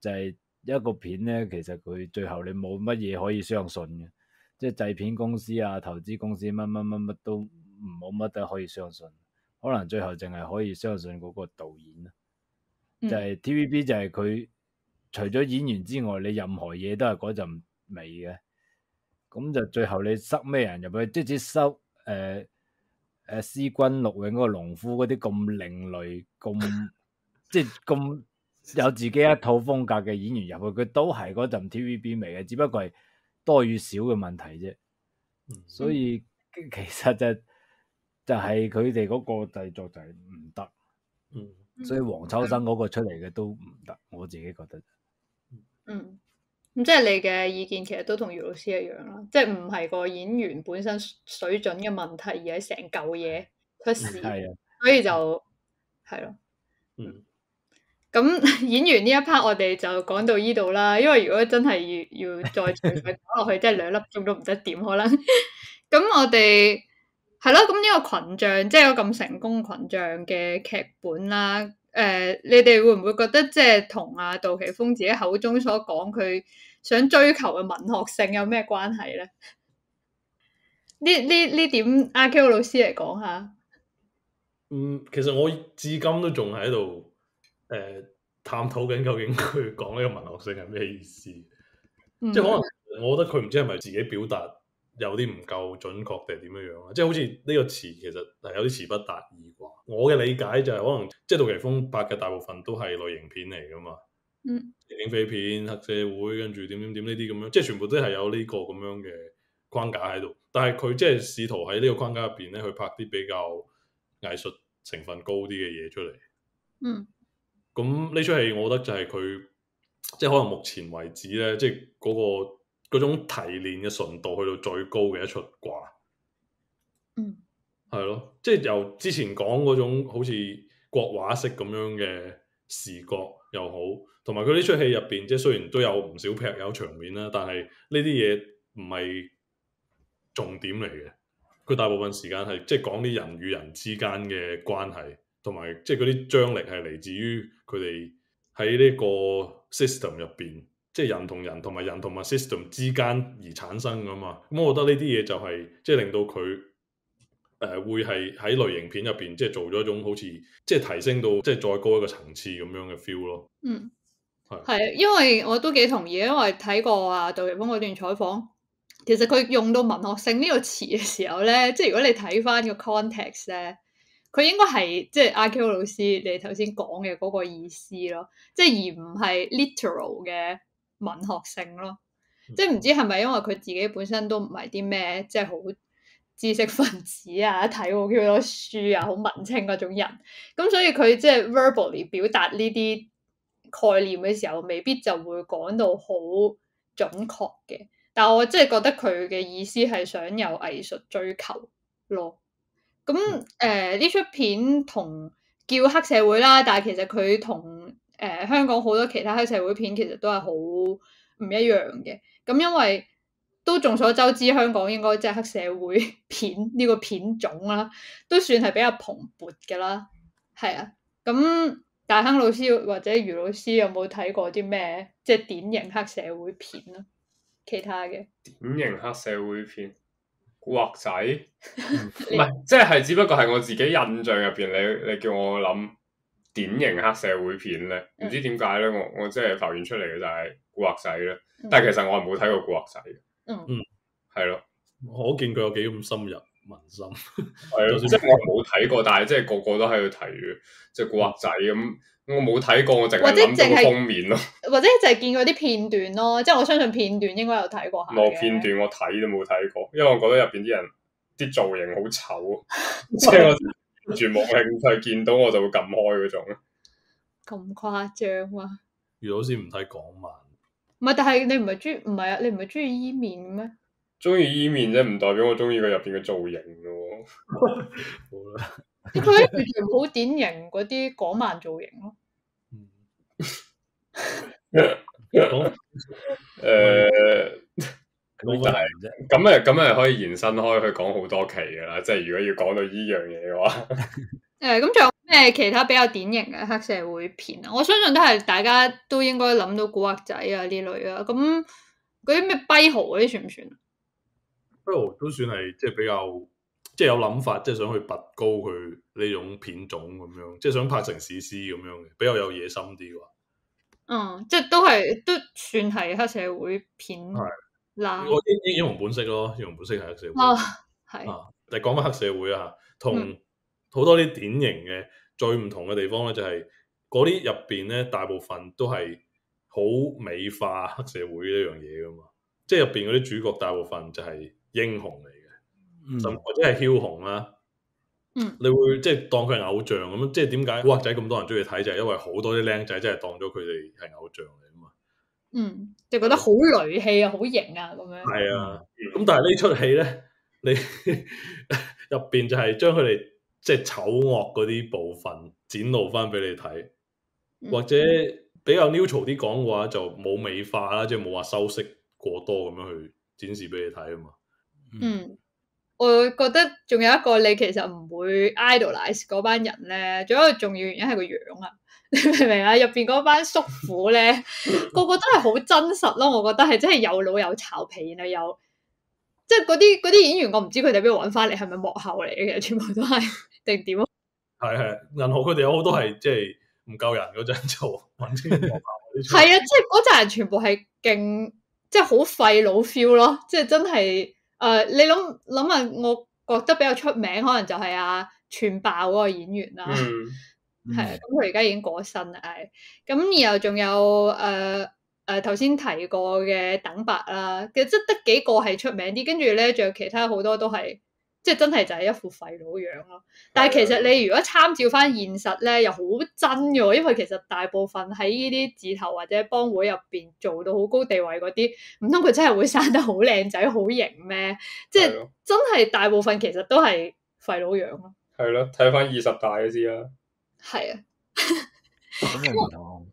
就係、是、一個片咧，其實佢最後你冇乜嘢可以相信嘅，即係製片公司啊、投資公司乜乜乜乜都唔冇乜得可以相信，可能最後淨係可以相信嗰個導演啦，就係、是、TVB 就係佢除咗演員之外，你任何嘢都係嗰陣尾嘅，咁就最後你塞咩人入去，即係塞誒。呃誒，施君陸永嗰個農夫嗰啲咁另類，咁即係咁有自己一套風格嘅演員入去，佢都係嗰陣 TVB 嚟嘅，只不過係多與少嘅問題啫。Mm hmm. 所以其實就是、就係佢哋嗰個製作就係唔得。嗯、mm，hmm. 所以黃秋生嗰個出嚟嘅都唔得，我自己覺得。嗯、mm。Hmm. 咁即係你嘅意見，其實都同余老師一樣啦，即係唔係個演員本身水準嘅問題，而係成舊嘢出事，的所以就係咯。嗯。咁演員呢一 part 我哋就講到依度啦，因為如果真係要要再詳細講落去， 即係兩粒鐘都唔得掂可能。咁我哋係咯，咁呢個群像即係有咁成功群像嘅劇本啦。誒、呃，你哋會唔會覺得即係同阿杜琪峰自己口中所講佢想追求嘅文學性有咩關係咧？呢呢呢點阿 Q 老師嚟講下？嗯，其實我至今都仲喺度誒探討緊究竟佢講呢個文學性係咩意思？嗯、即係可能我覺得佢唔知係咪自己表達。有啲唔夠準確定點樣樣啊？即係好似呢個詞其實係有啲詞不達意啩。我嘅理解就係可能即係杜琪峰拍嘅大部分都係類型片嚟㗎嘛。嗯，警匪片、黑社會跟住點點點呢啲咁樣，即係全部都係有呢個咁樣嘅框架喺度。但係佢即係試圖喺呢個框架入邊咧，去拍啲比較藝術成分高啲嘅嘢出嚟。嗯，咁呢出戲，我覺得就係佢即係可能目前為止咧，即係、那、嗰個。嗰種提煉嘅純度去到最高嘅一出卦。嗯，係咯，即係由之前講嗰種好似國畫式咁樣嘅視覺又好，同埋佢呢出戲入邊，即係雖然都有唔少劈友場面啦，但係呢啲嘢唔係重點嚟嘅，佢大部分時間係即係講啲人與人之間嘅關係，同埋即係嗰啲張力係嚟自於佢哋喺呢個 system 入邊。即係人同人同埋人同埋 system 之間而產生㗎嘛？咁我覺得呢啲嘢就係即係令到佢誒、呃、會係喺類型片入邊即係做咗一種好似即係提升到即係再高一個層次咁樣嘅 feel 咯。嗯，係是因為我都幾同意，因為睇過啊杜琪峰嗰段採訪，其實佢用到文學性呢個詞嘅時候咧，即、就、係、是、如果你睇翻個 context 咧，佢應該係即係阿 Q 老師你頭先講嘅嗰個意思咯，即、就、係、是、而唔係 literal 嘅。文學性咯，即係唔知係咪因為佢自己本身都唔係啲咩，即係好知識分子啊，睇好多書啊，好文青嗰種人，咁所以佢即係 verbally 表達呢啲概念嘅時候，未必就會講到好準確嘅。但係我即係覺得佢嘅意思係想有藝術追求咯。咁誒，嗯呃、呢出片同叫黑社會啦，但係其實佢同誒、呃、香港好多其他黑社會片其實都係好唔一樣嘅，咁因為都眾所周知，香港應該即係黑社會片呢、這個片種啦，都算係比較蓬勃嘅啦。係、嗯、啊，咁大亨老師或者余老師有冇睇過啲咩即係典型黑社會片啊？其他嘅典型黑社會片，古惑仔唔係即係只不過係我自己印象入邊，你你叫我諗。典型黑社會片咧，唔知點解咧，我我即係浮現出嚟嘅就係《古惑仔》咧，但係其實我係冇睇過《古惑仔》嘅。嗯嗯，係咯的，我見佢有幾咁深入民心。係啊的，即係 我冇睇過，但係即係個個都喺度睇即係《古惑仔》咁、嗯嗯。我冇睇過，我淨係諗到封面咯，或者就係見過啲片段咯。即係我相信片段應該有睇過下。冇片段，我睇都冇睇過，因為我覺得入邊啲人啲造型好醜。即係我。 全網興佢見到我就會撳開嗰種，咁誇張啊！余老師唔睇港漫，唔係。但係你唔係中唔係啊？你唔係中意伊麵咩？中意伊麵啫，唔代表我中意佢入邊嘅造型咯。好啦，佢完全好典型嗰啲港漫造型咯。嗯，誒、 啊。 嗯咁啊，咁啊，可以延伸開去講好多期噶啦。即係如果要講到呢樣嘢嘅話，誒、 嗯，咁仲有咩其他比較典型嘅黑社會片啊？我相信都係大家都應該諗到古惑仔啊呢類啊。咁嗰啲咩跛豪嗰啲、啊、算唔算？跛豪都算係即係比較即係有諗法，即係想去拔高佢呢種片種咁樣，即係想拍成史詩咁樣嘅，比較有野心啲啩。嗯，即係都係都算係黑社會片。係。嗱，我啲、嗯、英雄本色咯，英雄本色係黑社會，係、啊啊。但係講翻黑社會啊，同好多啲典型嘅、嗯、最唔同嘅地方咧、就是，就係嗰啲入邊咧，大部分都係好美化黑社會呢樣嘢噶嘛。即係入邊嗰啲主角，大部分就係英雄嚟嘅，甚或者係梟雄啦。嗯，啊、嗯你會即係當佢係偶像咁樣，即係點解古惑仔咁多人中意睇就係、是、因為好多啲僆仔真係當咗佢哋係偶像嚟。嗯，就覺得好戾氣啊，好型啊，咁樣。係啊，咁但係呢出戲咧，你入邊 就係將佢哋即係醜惡嗰啲部分展露翻俾你睇，或者比較 neutral 啲講嘅話就，就冇美化啦，即係冇話修飾過多咁樣去展示俾你睇啊嘛。嗯，嗯我覺得仲有一個你其實唔會 idolize 嗰班人咧，仲有一個重要原因係個樣啊。你明唔明啊？入邊嗰班叔父咧，個個都係好真實咯。我覺得係真係有腦有炒皮啦，有即係嗰啲啲演員我，我唔知佢哋邊度搵翻嚟，係咪幕後嚟嘅？全部都係定點？係係，銀行佢哋有好多係即係唔夠人嗰陣做，搵幕後。係啊，即係嗰陣人全部係勁，即係好廢腦 feel 咯，即係真係。誒、呃，你諗諗下，想想我覺得比較出名，可能就係阿串爆嗰個演員啦、啊。嗯係咁，佢而家已經過身啦。係咁，然後仲有誒誒頭先提過嘅等白啦，其實即得幾個係出名啲，跟住咧仲有其他好多都係即係真係就係一副廢佬樣咯、啊。但係其實你如果參照翻現實咧，又好真嘅喎，因為其實大部分喺呢啲字頭或者幫會入邊做到好高地位嗰啲，唔通佢真係會生得好靚仔、好型咩？即係真係大部分其實都係廢佬樣咯、啊。係咯，睇翻二十大就知啦。係是啊，咁又唔同，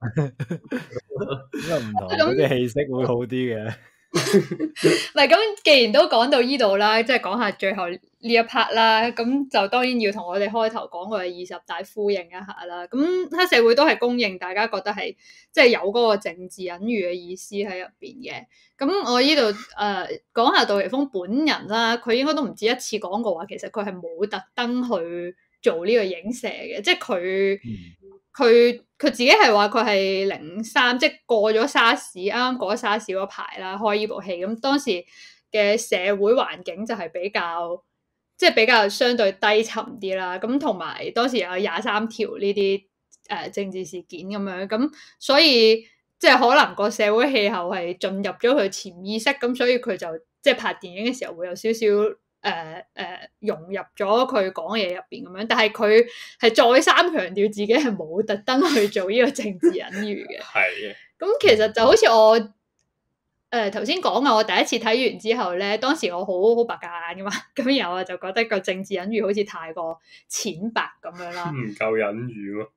咁又唔同，啲氣 息會好啲嘅。係，咁既然都講到呢度啦，即係講下最後呢一 part 啦。咁就當然要同我哋開頭講過嘅二十大呼應一下啦。咁黑社會都係公認，大家覺得係即係有嗰個政治隱喻嘅意思喺入邊嘅。咁我呢度誒講下杜琪峰本人啦，佢應該都唔止一次講過話，其實佢係冇特登去。做呢個影射嘅，即係佢佢佢自己係話佢係零三，即係過咗沙士，啱啱過咗沙士嗰排啦，開呢部戲咁，當時嘅社會環境就係比較即係、就是、比較相對低沉啲啦。咁同埋當時有廿三條呢啲誒政治事件咁樣，咁所以即係、就是、可能個社會氣候係進入咗佢潛意識，咁所以佢就即係、就是、拍電影嘅時候會有少少。誒誒、呃呃，融入咗佢講嘢入邊咁樣，但係佢係再三強調自己係冇特登去做呢個政治隱喻嘅。係 的。咁、嗯、其實就好似我誒頭先講啊，我第一次睇完之後咧，當時我好好白鴿眼噶嘛，咁然後我就覺得個政治隱喻好似太過淺白咁樣啦，唔 夠隱喻咯。誒、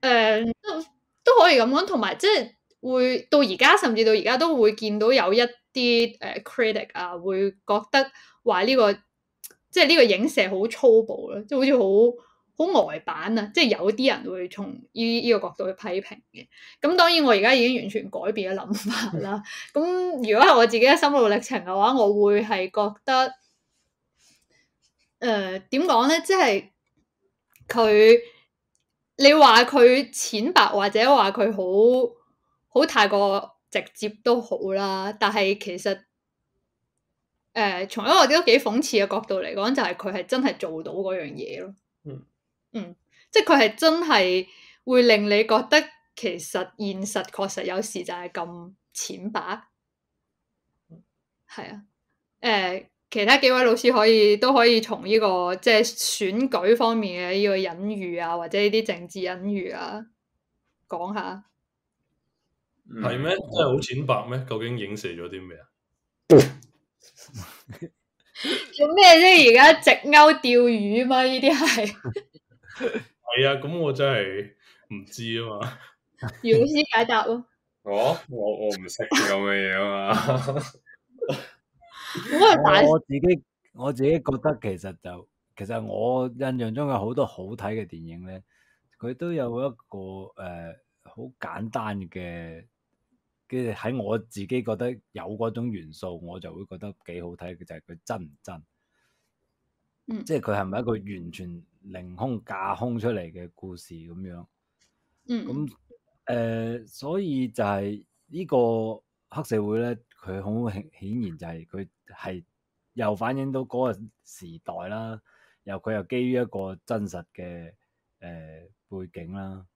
呃，都都可以咁講，同埋即係會到而家，甚至到而家都會見到有一。啲誒 critic 啊，會覺得話呢個即係呢個影射好粗暴啦，即係好似好好呆板啊！即係有啲人會從依依個角度去批評嘅。咁當然我而家已經完全改變咗諗法啦。咁如果係我自己嘅心路歷程嘅話，我會係覺得誒點講咧？即係佢你話佢淺白或者話佢好好太過。直接都好啦，但係其實誒、呃，從一個都幾諷刺嘅角度嚟講，就係佢係真係做到嗰樣嘢咯。嗯嗯，即係佢係真係會令你覺得，其實現實確實有時就係咁淺白。係、嗯、啊，誒、呃，其他幾位老師可以都可以從呢、這個即係、就是、選舉方面嘅呢個隱喻啊，或者呢啲政治隱喻啊，講下。係咩、嗯？真係好淺白咩？究竟影射咗啲咩啊？做咩啫？而家直鈎釣魚嘛？呢啲係係啊！咁我真係唔知啊嘛。余老師解答咯。哦，我我唔識咁嘅嘢啊嘛。我自己我自己覺得其實就其實我印象中有好多好睇嘅電影咧，佢都有一個誒好、呃、簡單嘅。跟住喺我自己覺得有嗰種元素，我就會覺得幾好睇。嘅，就係、是、佢真唔真，嗯、即係佢係咪一個完全凌空架空出嚟嘅故事咁樣？嗯，咁誒、呃，所以就係呢個黑社會咧，佢好顯然就係佢係又反映到嗰個時代啦，又佢又基於一個真實嘅誒、呃、背景啦，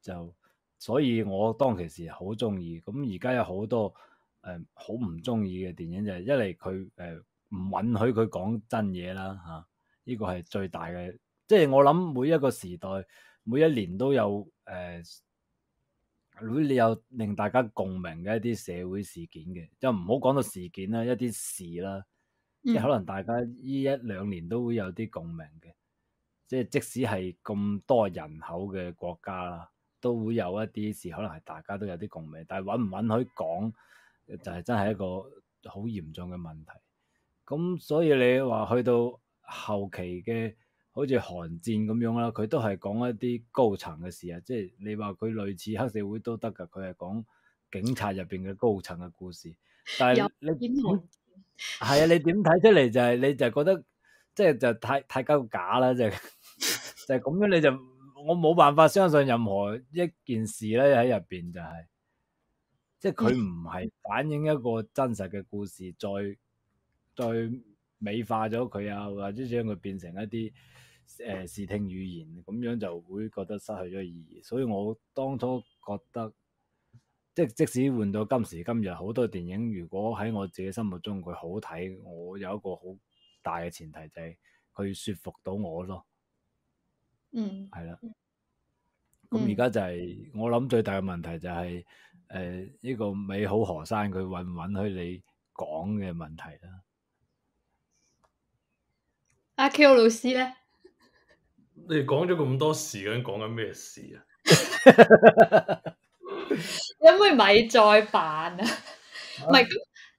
就。所以我當其時好中意，咁而家有好多誒好唔中意嘅電影就係一嚟佢誒唔允許佢講真嘢啦吓，呢個係最大嘅。即係我諗每一個時代每一年都有誒如果你、呃、有令大家共鳴嘅一啲社會事件嘅，就唔好講到事件啦，一啲事啦，即可能大家呢一兩年都會有啲共鳴嘅，即係即使係咁多人口嘅國家啦。都會有一啲事，可能係大家都有啲共鳴，但係允唔允許講，就係真係一個好嚴重嘅問題。咁所以你話去到後期嘅，好似寒戰咁樣啦，佢都係講一啲高層嘅事啊。即係你話佢類似黑社會都得噶，佢係講警察入邊嘅高層嘅故事。但係你點係 啊？你點睇出嚟就係你就覺得即係就太太夠假啦，就係咁樣你就。我冇辦法相信任何一件事咧，喺入邊就係、是，即係佢唔係反映一個真實嘅故事，再再美化咗佢啊，或者將佢變成一啲誒、呃、視聽語言，咁樣就會覺得失去咗意義。所以我當初覺得，即係即使換到今時今日，好多電影如果喺我自己心目中佢好睇，我有一個好大嘅前提就係、是、佢說服到我咯。嗯，係啦、mm. mm. 就是。咁而家就係我諗最大嘅問題就係、是，誒、呃、呢個美好河山佢允唔允許你講嘅問題啦。阿 Q 老師咧，你講咗咁多事，究竟講緊咩事啊？有冇咪再扮 啊？唔係，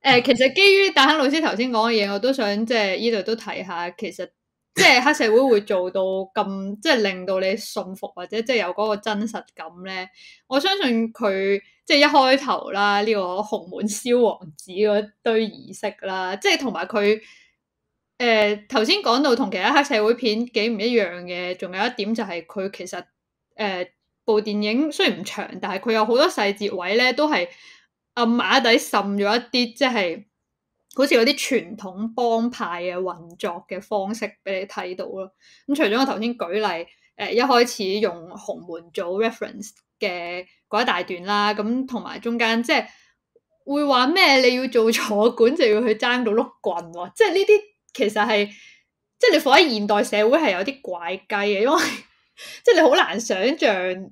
誒，其實基於大亨老師頭先講嘅嘢，我都想即係呢度都睇下，其實。即係黑社會會做到咁，即係令到你信服或者即係有嗰個真實感咧。我相信佢即係一開頭啦，呢、這個洪門燒王子嗰堆儀式啦，即係同埋佢誒頭先講到同其他黑社會片幾唔一樣嘅。仲有一點就係佢其實誒、呃、部電影雖然唔長，但係佢有好多細節位咧都係暗馬底滲咗一啲，即係。好似有啲傳統幫派嘅運作嘅方式，俾你睇到咯。咁除咗我頭先舉例，誒、呃、一開始用洪門做 reference 嘅嗰一大段啦，咁同埋中間即係會話咩？你要做坐館就要去爭到碌棍喎，哦，即係呢啲其實係即係你放喺現代社會係有啲怪雞嘅，因為即係你好難想像。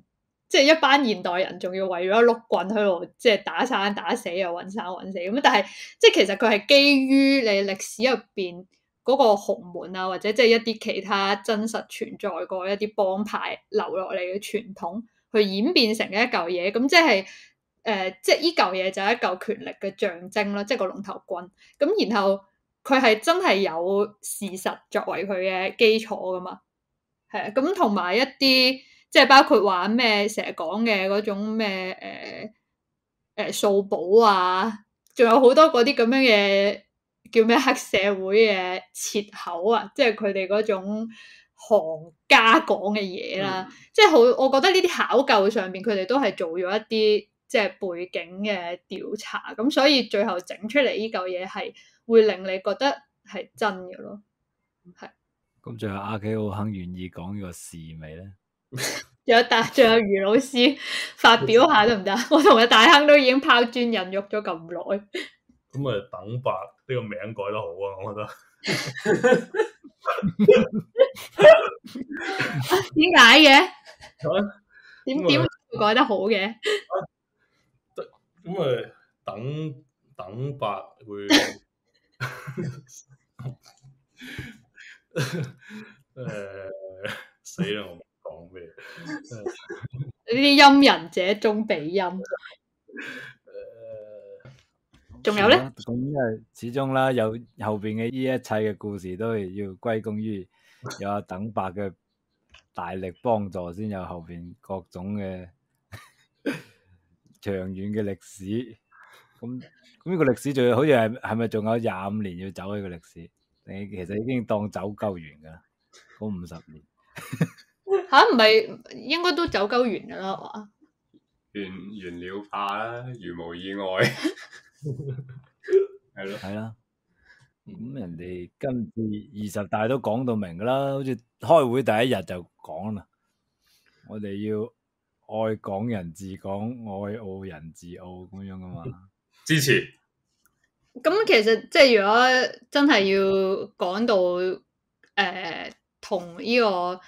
即係一班現代人，仲要為咗碌棍喺度，即係打生打死又揾生揾死咁。但係即係其實佢係基於你歷史入邊嗰個洪門啊，或者即係一啲其他真實存在過一啲幫派留落嚟嘅傳統，去演變成一嚿嘢。咁即係誒、呃，即係依嚿嘢就係一嚿權力嘅象徵囉，即係個龍頭棍。咁然後佢係真係有事實作為佢嘅基礎噶嘛？係啊，咁同埋一啲。即係包括話咩，成日講嘅嗰種咩誒誒，掃、呃、寶、呃、啊，仲有好多嗰啲咁樣嘅叫咩黑社會嘅切口啊，即係佢哋嗰種行家講嘅嘢啦。即係好，我覺得呢啲考究上邊，佢哋都係做咗一啲即係背景嘅調查，咁所以最後整出嚟呢嚿嘢係會令你覺得係真嘅咯。係。咁最後阿 Ko 肯願意講呢個事未咧？仲有大，仲有余老師發表下得唔得？我同阿大亨都已經拋磚引玉咗咁耐，咁咪等八呢個名改得好啊！我覺得點解嘅？點點會改得好嘅？咁咪等等八會誒死啦！我。呢啲陰人者中比陰。仲 有咧呢，總係始終啦，有後邊嘅呢一切嘅故事都係要歸功於有阿鄧伯嘅大力幫助，先有後邊各種嘅長遠嘅歷史。咁咁呢個歷史仲要，好似係係咪仲有廿五年要走呢個歷史？你其實已經當走夠完噶，嗰五十年。 吓唔係，應該都走鳩完噶啦，哇！完完了怕啦，如無意外，係 咯 了，係啦，啊。咁人哋今次二十大都講到明噶啦，好似開會第一日就講啦，我哋要愛港人治港，愛澳人治澳咁樣噶嘛，支持。咁其實即係如果真係要講到誒、呃，同呢、這個。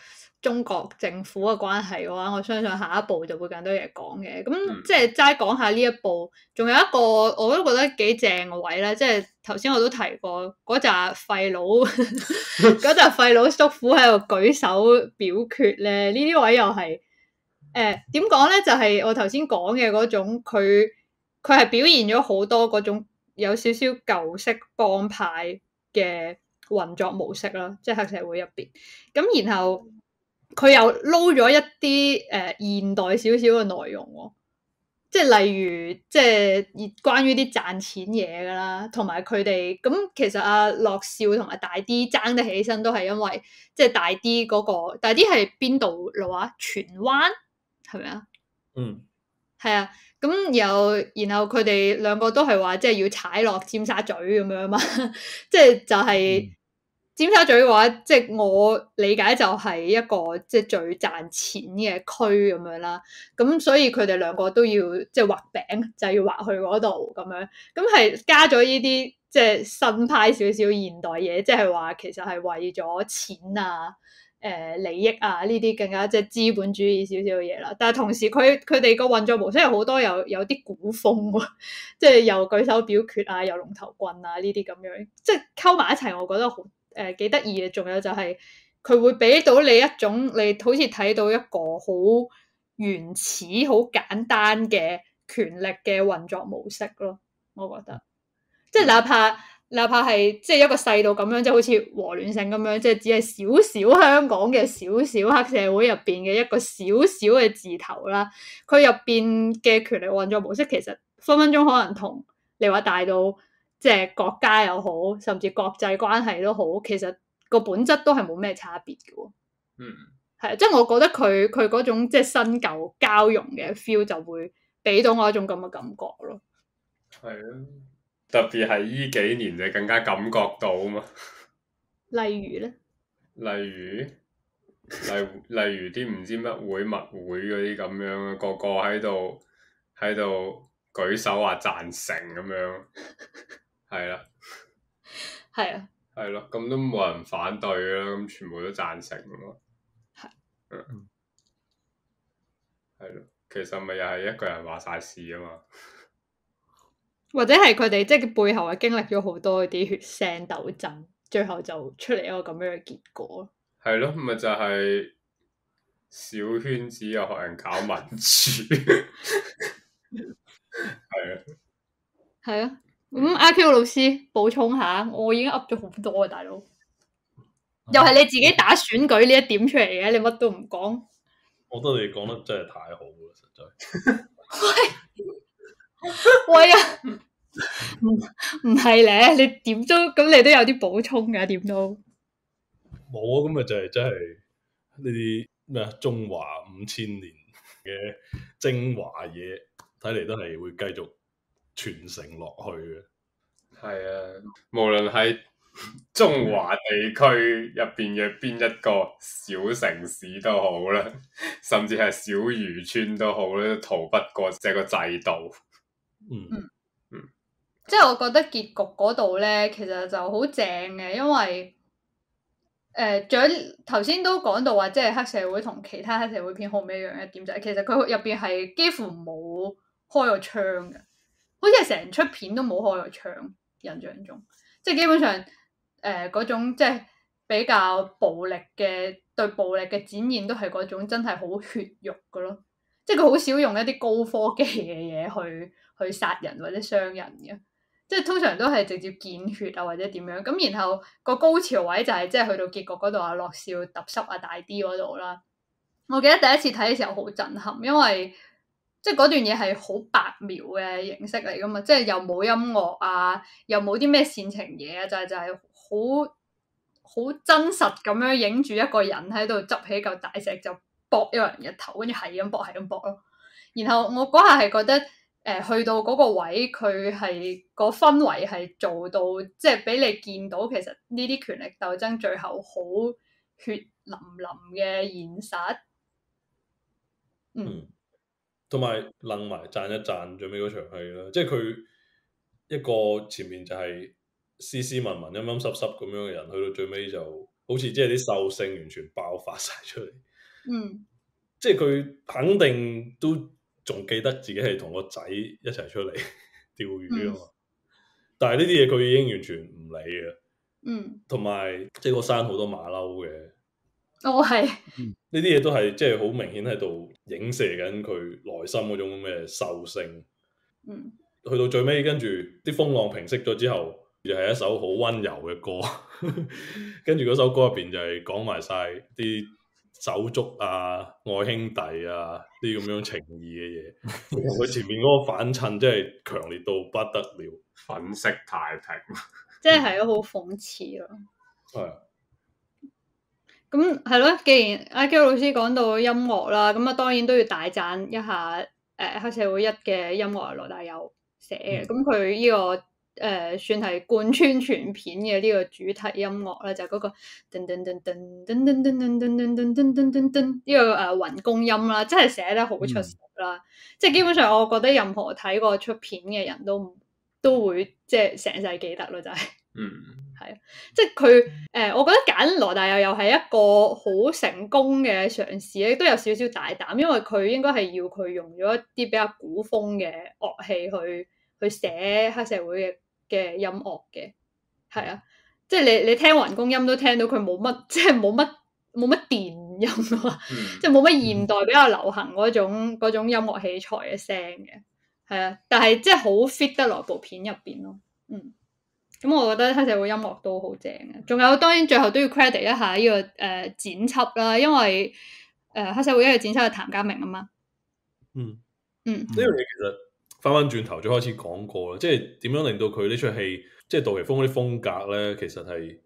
中國政府嘅關係嘅話，我相信下一步就會更多嘢講嘅。咁即係齋講下呢一步，仲有一個我都覺得幾正嘅位咧，即係頭先我都提過嗰紮廢佬，嗰 紮廢佬叔父喺度舉手表決咧。呃、呢啲位又係誒點講咧？就係、是、我頭先講嘅嗰種，佢佢係表現咗好多嗰種有少少舊式幫派嘅運作模式囉，即係黑社會入邊。咁然後。佢又撈咗一啲誒、呃、現代少少嘅內容喎、哦，即係例如即係關於啲賺錢嘢啦，同埋佢哋咁其實阿、啊、樂少同埋大 D 爭得起身都係因為即係大 D 嗰、那個大 D 係邊度嘅話，荃灣係咪啊？嗯，係啊。咁然後然後佢哋兩個都係話即係要踩落尖沙咀咁樣嘛， 即係就係、是。嗯尖沙咀嘅話，即係我理解就係一個即係最賺錢嘅區咁樣啦。咁所以佢哋兩個都要即係畫餅，就是要畫去嗰度咁樣。咁係加咗呢啲即係新派少少現代嘢，即係話其實係為咗錢啊、誒、呃、利益啊呢啲更加即係資本主義少少嘢啦。但係同時佢佢哋個運作模式又好多有有啲古風，即係又舉手表決啊，又龍頭棍啊呢啲咁樣，即係溝埋一齊，我覺得好。誒幾得意啊！仲有就係佢會俾到你一種，你好似睇到一個好原始、好簡單嘅權力嘅運作模式咯。我覺得，即係哪怕哪怕係即係一個細到咁樣，即係好似和聯勝咁樣，即係只係少少香港嘅少少黑社會入邊嘅一個少少嘅字頭啦。佢入邊嘅權力運作模式其實分分鐘可能同你話大到。即係國家又好，甚至國際關係都好，其實個本質都係冇咩差別嘅。嗯，係即係我覺得佢佢嗰種即係新舊交融嘅 feel 就會俾到我一種咁嘅感覺咯。係啊，特別係呢幾年就更加感覺到啊嘛。 例如咧？例如，例例如啲唔知乜會密會嗰啲咁樣啊，個個喺度喺度舉手話贊成咁樣。 係啦，係啊，係咯、啊，咁、啊、都冇人反對啦，咁全部都讚成咯，係、啊，係咯、啊啊，其實咪又係一個人話晒事啊嘛，或者係佢哋即係佢背後係經歷咗好多啲血腥鬥爭，最後就出嚟一個咁樣嘅結果咯，係咯、啊，咪就係小圈子又學人搞民主，係 啊，係啊。咁阿 Q 老師補充下，我已經噏咗好多啊，大佬，又係你自己打選舉呢一點出嚟嘅，你乜都唔講，我覺得你講得真係太好啦，實在。 喂喂啊，唔唔係咧，你點都咁你都有啲補充㗎，點都冇啊，咁咪就係真係呢啲咩中華五千年嘅精華嘢，睇嚟都係會繼續。傳承落去嘅，係啊！無論喺中華地區入邊嘅邊一個小城市都好啦，嗯、甚至係小漁村都好啦，都逃不過這個制度。嗯嗯，嗯即係我覺得結局嗰度咧，其實就好正嘅，因為誒，仲頭先都講到話，即係黑社會同其他黑社會片好唔一樣嘅一點就係，其實佢入邊係幾乎冇開過窗嘅。好似係成出片都冇開過槍，印象中，即係基本上誒嗰、呃、種即係比較暴力嘅對暴力嘅展現都係嗰種真係好血肉嘅咯，即係佢好少用一啲高科技嘅嘢去去殺人或者傷人嘅，即係通常都係直接見血啊或者點樣咁，然後、那個高潮位就係、是、即係去到結局嗰度阿樂少揼死啊大 D 嗰度啦。我記得第一次睇嘅時候好震撼，因為，即係嗰段嘢係好白描嘅形式嚟噶嘛，即係又冇音樂啊，又冇啲咩煽情嘢啊，就係、係、就係好好真實咁樣影住一個人喺度執起嚿大石就搏一個人嘅頭，跟住係咁搏係咁搏咯。然後我嗰下係覺得，誒、呃、去到嗰個位佢係、個氛圍係做到，即係俾你見到其實呢啲權力鬥爭最後好血淋淋嘅現實。嗯。嗯。同埋楞埋，讚一讚最尾嗰場戲啦，即係佢一個前面就係斯斯文文、陰陰濕濕咁樣嘅人，去到最尾就好似即係啲獸性完全爆發晒出嚟。嗯，即係佢肯定都仲記得自己係同個仔一齊出嚟釣魚啊嘛。嗯、但係呢啲嘢佢已經完全唔理嘅。嗯，同埋即係個山好多馬騮嘅。哦，係。嗯呢啲嘢都係即係好明顯喺度影射緊佢內心嗰種咁嘅獸性。去、嗯、到最尾，跟住啲風浪平息咗之後，又係一首好溫柔嘅歌。跟住嗰首歌入邊就係講埋晒啲手足啊、愛兄弟啊啲咁樣情義嘅嘢。佢、嗯、前面嗰個反襯真係強烈到不得了， 粉飾太平。即係係咯，好諷刺咯。係。 啊咁係咯，既然阿 Q 老師講到音樂啦，咁啊當然都要大讚一下誒黑社會一嘅音樂，羅大佑寫嘅。咁佢呢個誒算係貫穿全片嘅呢個主題音樂咧，就係嗰個噔噔噔噔噔噔噔噔噔噔噔噔噔噔，呢個誒雲公音啦，真係寫得好出神啦！即係基本上我覺得任何睇過出片嘅人都都會即係成世記得咯，就係。嗯。即係佢誒，我覺得揀羅大佑又係一個好成功嘅嘗試咧，都有少少大膽，因為佢應該係要佢用咗一啲比較古風嘅樂器去去寫黑社會嘅嘅音樂嘅，係啊，即係你你聽完工音都聽到佢冇乜，即係冇乜冇乜電音啊，嗯、 即係冇乜現代比較流行嗰種嗰種音樂器材嘅聲嘅，係啊，但係即係好 fit 得來部片入邊咯，嗯。咁我覺得黑社會音樂都好正嘅，仲有當然最後都要 credit 一下呢、這個誒、呃、剪輯啦，因為誒、呃、黑社會一個剪輯係譚家明啊嘛。嗯嗯，呢樣嘢其實翻翻轉頭再開始講過啦，即係點樣令到佢呢出戲，即係杜琪峰嗰啲風格咧，其實係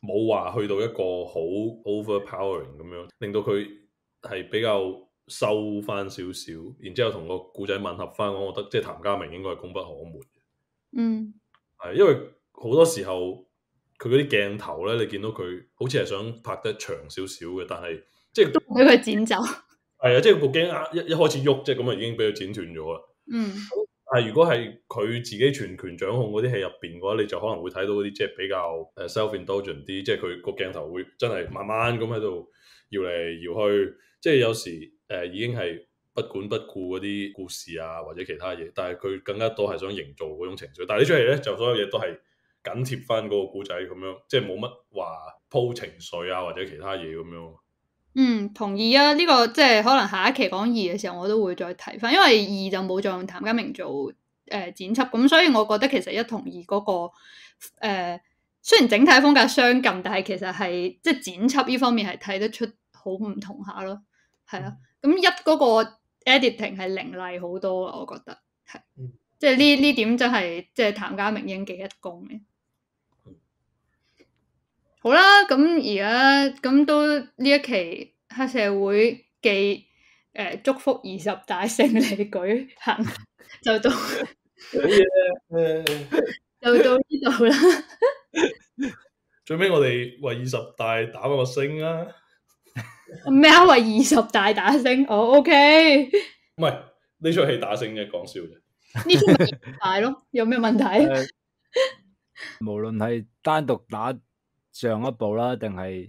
冇話去到一個好 overpowering 咁樣，令到佢係比較收翻少少，然之後同個古仔吻合翻、那個，我覺得即係譚家明應該係功不可沒。嗯，係因為。好多時候佢嗰啲鏡頭咧，你見到佢好似係想拍得長少少嘅，但係即係都俾佢剪走。係啊，即係部鏡一一開始喐，即係咁啊，已經俾佢剪斷咗啦。嗯。但係如果係佢自己全權掌控嗰啲戲入邊嘅話，你就可能會睇到嗰啲即係比較誒 self-indulgent 啲，即係佢個鏡頭會真係慢慢咁喺度搖嚟搖去，即係有時誒、呃、已經係不管不顧嗰啲故事啊或者其他嘢，但係佢更加多係想營造嗰種情緒。但係呢出戲咧，就所有嘢都係。緊貼翻嗰個故仔咁樣，即係冇乜話鋪情緒啊，或者其他嘢咁樣。嗯，同意啊！呢、這個即係可能下一期講二嘅時候，我都會再提翻，因為二就冇再用譚家明做誒剪輯，咁、呃、所以我覺得其實一同二嗰、那個誒、呃、雖然整體風格相近，但係其實係即係剪輯呢方面係睇得出好唔同下咯。係啊，咁、嗯、一嗰個 editing 係凌厲好多，啊，我覺得係，即係呢呢點真係即係譚家明應記一功嘅。好啦，咁而家咁都呢一期黑社會嘅，誒、呃、祝福二十大勝利舉行，就到， 就到呢度啦。 最屘我哋為二十大打個聲啦。咩啊？ 為二十大打聲？哦、oh，OK。唔係呢出戲打聲嘅，講笑嘅。呢出咪二十大咯？有咩問題、啊？Uh, 無論係單獨打。上一部啦，定係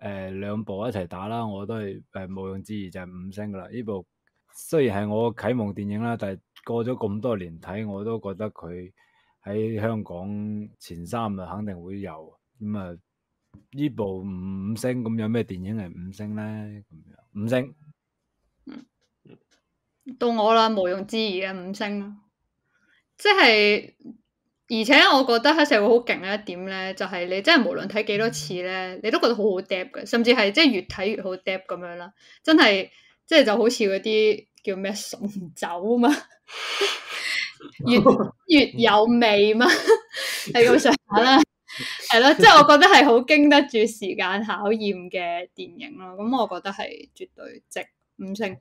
誒兩部一齊打啦，我都係誒、呃、毋庸置疑，就係五星噶啦。呢部雖然係我啟蒙電影啦，但係過咗咁多年睇，我都覺得佢喺香港前三啊，肯定會有咁啊。呢、嗯、部五星咁有咩電影係五星咧？咁樣五星，到我啦，毋庸置疑嘅五星，即係。而且我覺得黑社會好勁嘅一點咧，就係你真係無論睇幾多次咧，你都覺得好好釀嘅，甚至係即係越睇越好釀咁樣啦。真係即係就好似嗰啲叫咩送酒啊嘛，越越有味嘛，係咁上下啦。係咯， 即係我覺得係好經得住時間考驗嘅電影咯。咁我覺得係絕對值五星。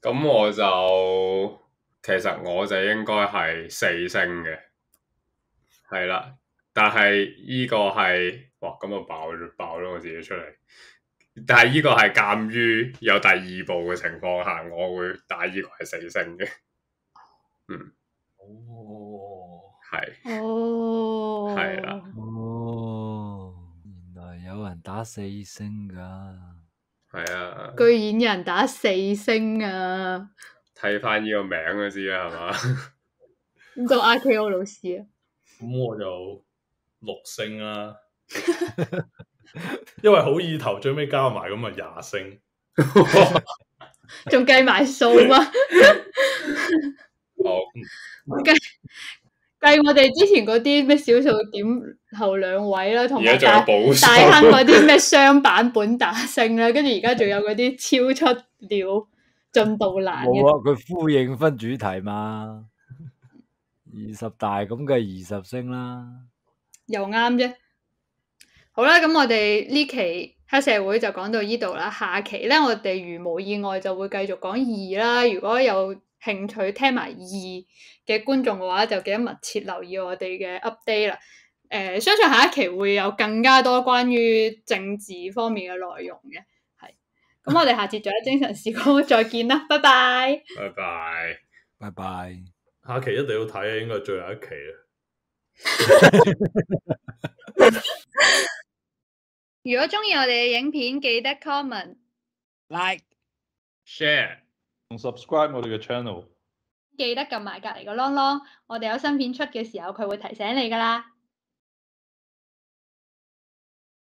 咁我就其實我就應該係四星嘅。係啦，但係呢個係哇，咁就爆咗爆咗我自己出嚟。但係呢個係鑒於有第二部嘅情況下，我會打呢個係四星嘅。嗯，哦，係是，哦，係啦的，哦，原來有人打四星噶，係啊的，居然有人打四星啊！睇翻呢個名都知啊，係嘛？咁就嗌佢我老師啊。咁、嗯、我就六星啦，啊， 因為好意頭，最尾加埋咁啊廿星，仲計埋數啊！好計計我哋之前嗰啲咩小數點後兩位啦，同埋大坑嗰啲咩雙版本打勝啦，跟住而家仲有嗰啲超出了進度難。冇啊，佢呼應分主題嘛。二十大咁嘅二十星啦，又啱啫。好啦，咁我哋呢期黑社會就講到呢度啦。下期咧，我哋如無意外就會繼續講二啦。如果有興趣聽埋二嘅觀眾嘅話，就記得密切留意我哋嘅 update 啦。誒、呃，相信下一期會有更加多關於政治方面嘅內容嘅。係，咁我哋下次再喺精神時光再見啦，拜拜，拜拜，拜拜。下期一定要睇啊，應該係最後一期啊！ 如果中意我哋嘅影片，記得 comment Like, share,、like、share 同 subscribe 我哋嘅 channel。記得撳埋隔離個啷啷，我哋有新片出嘅時候，佢會提醒你㗎喇。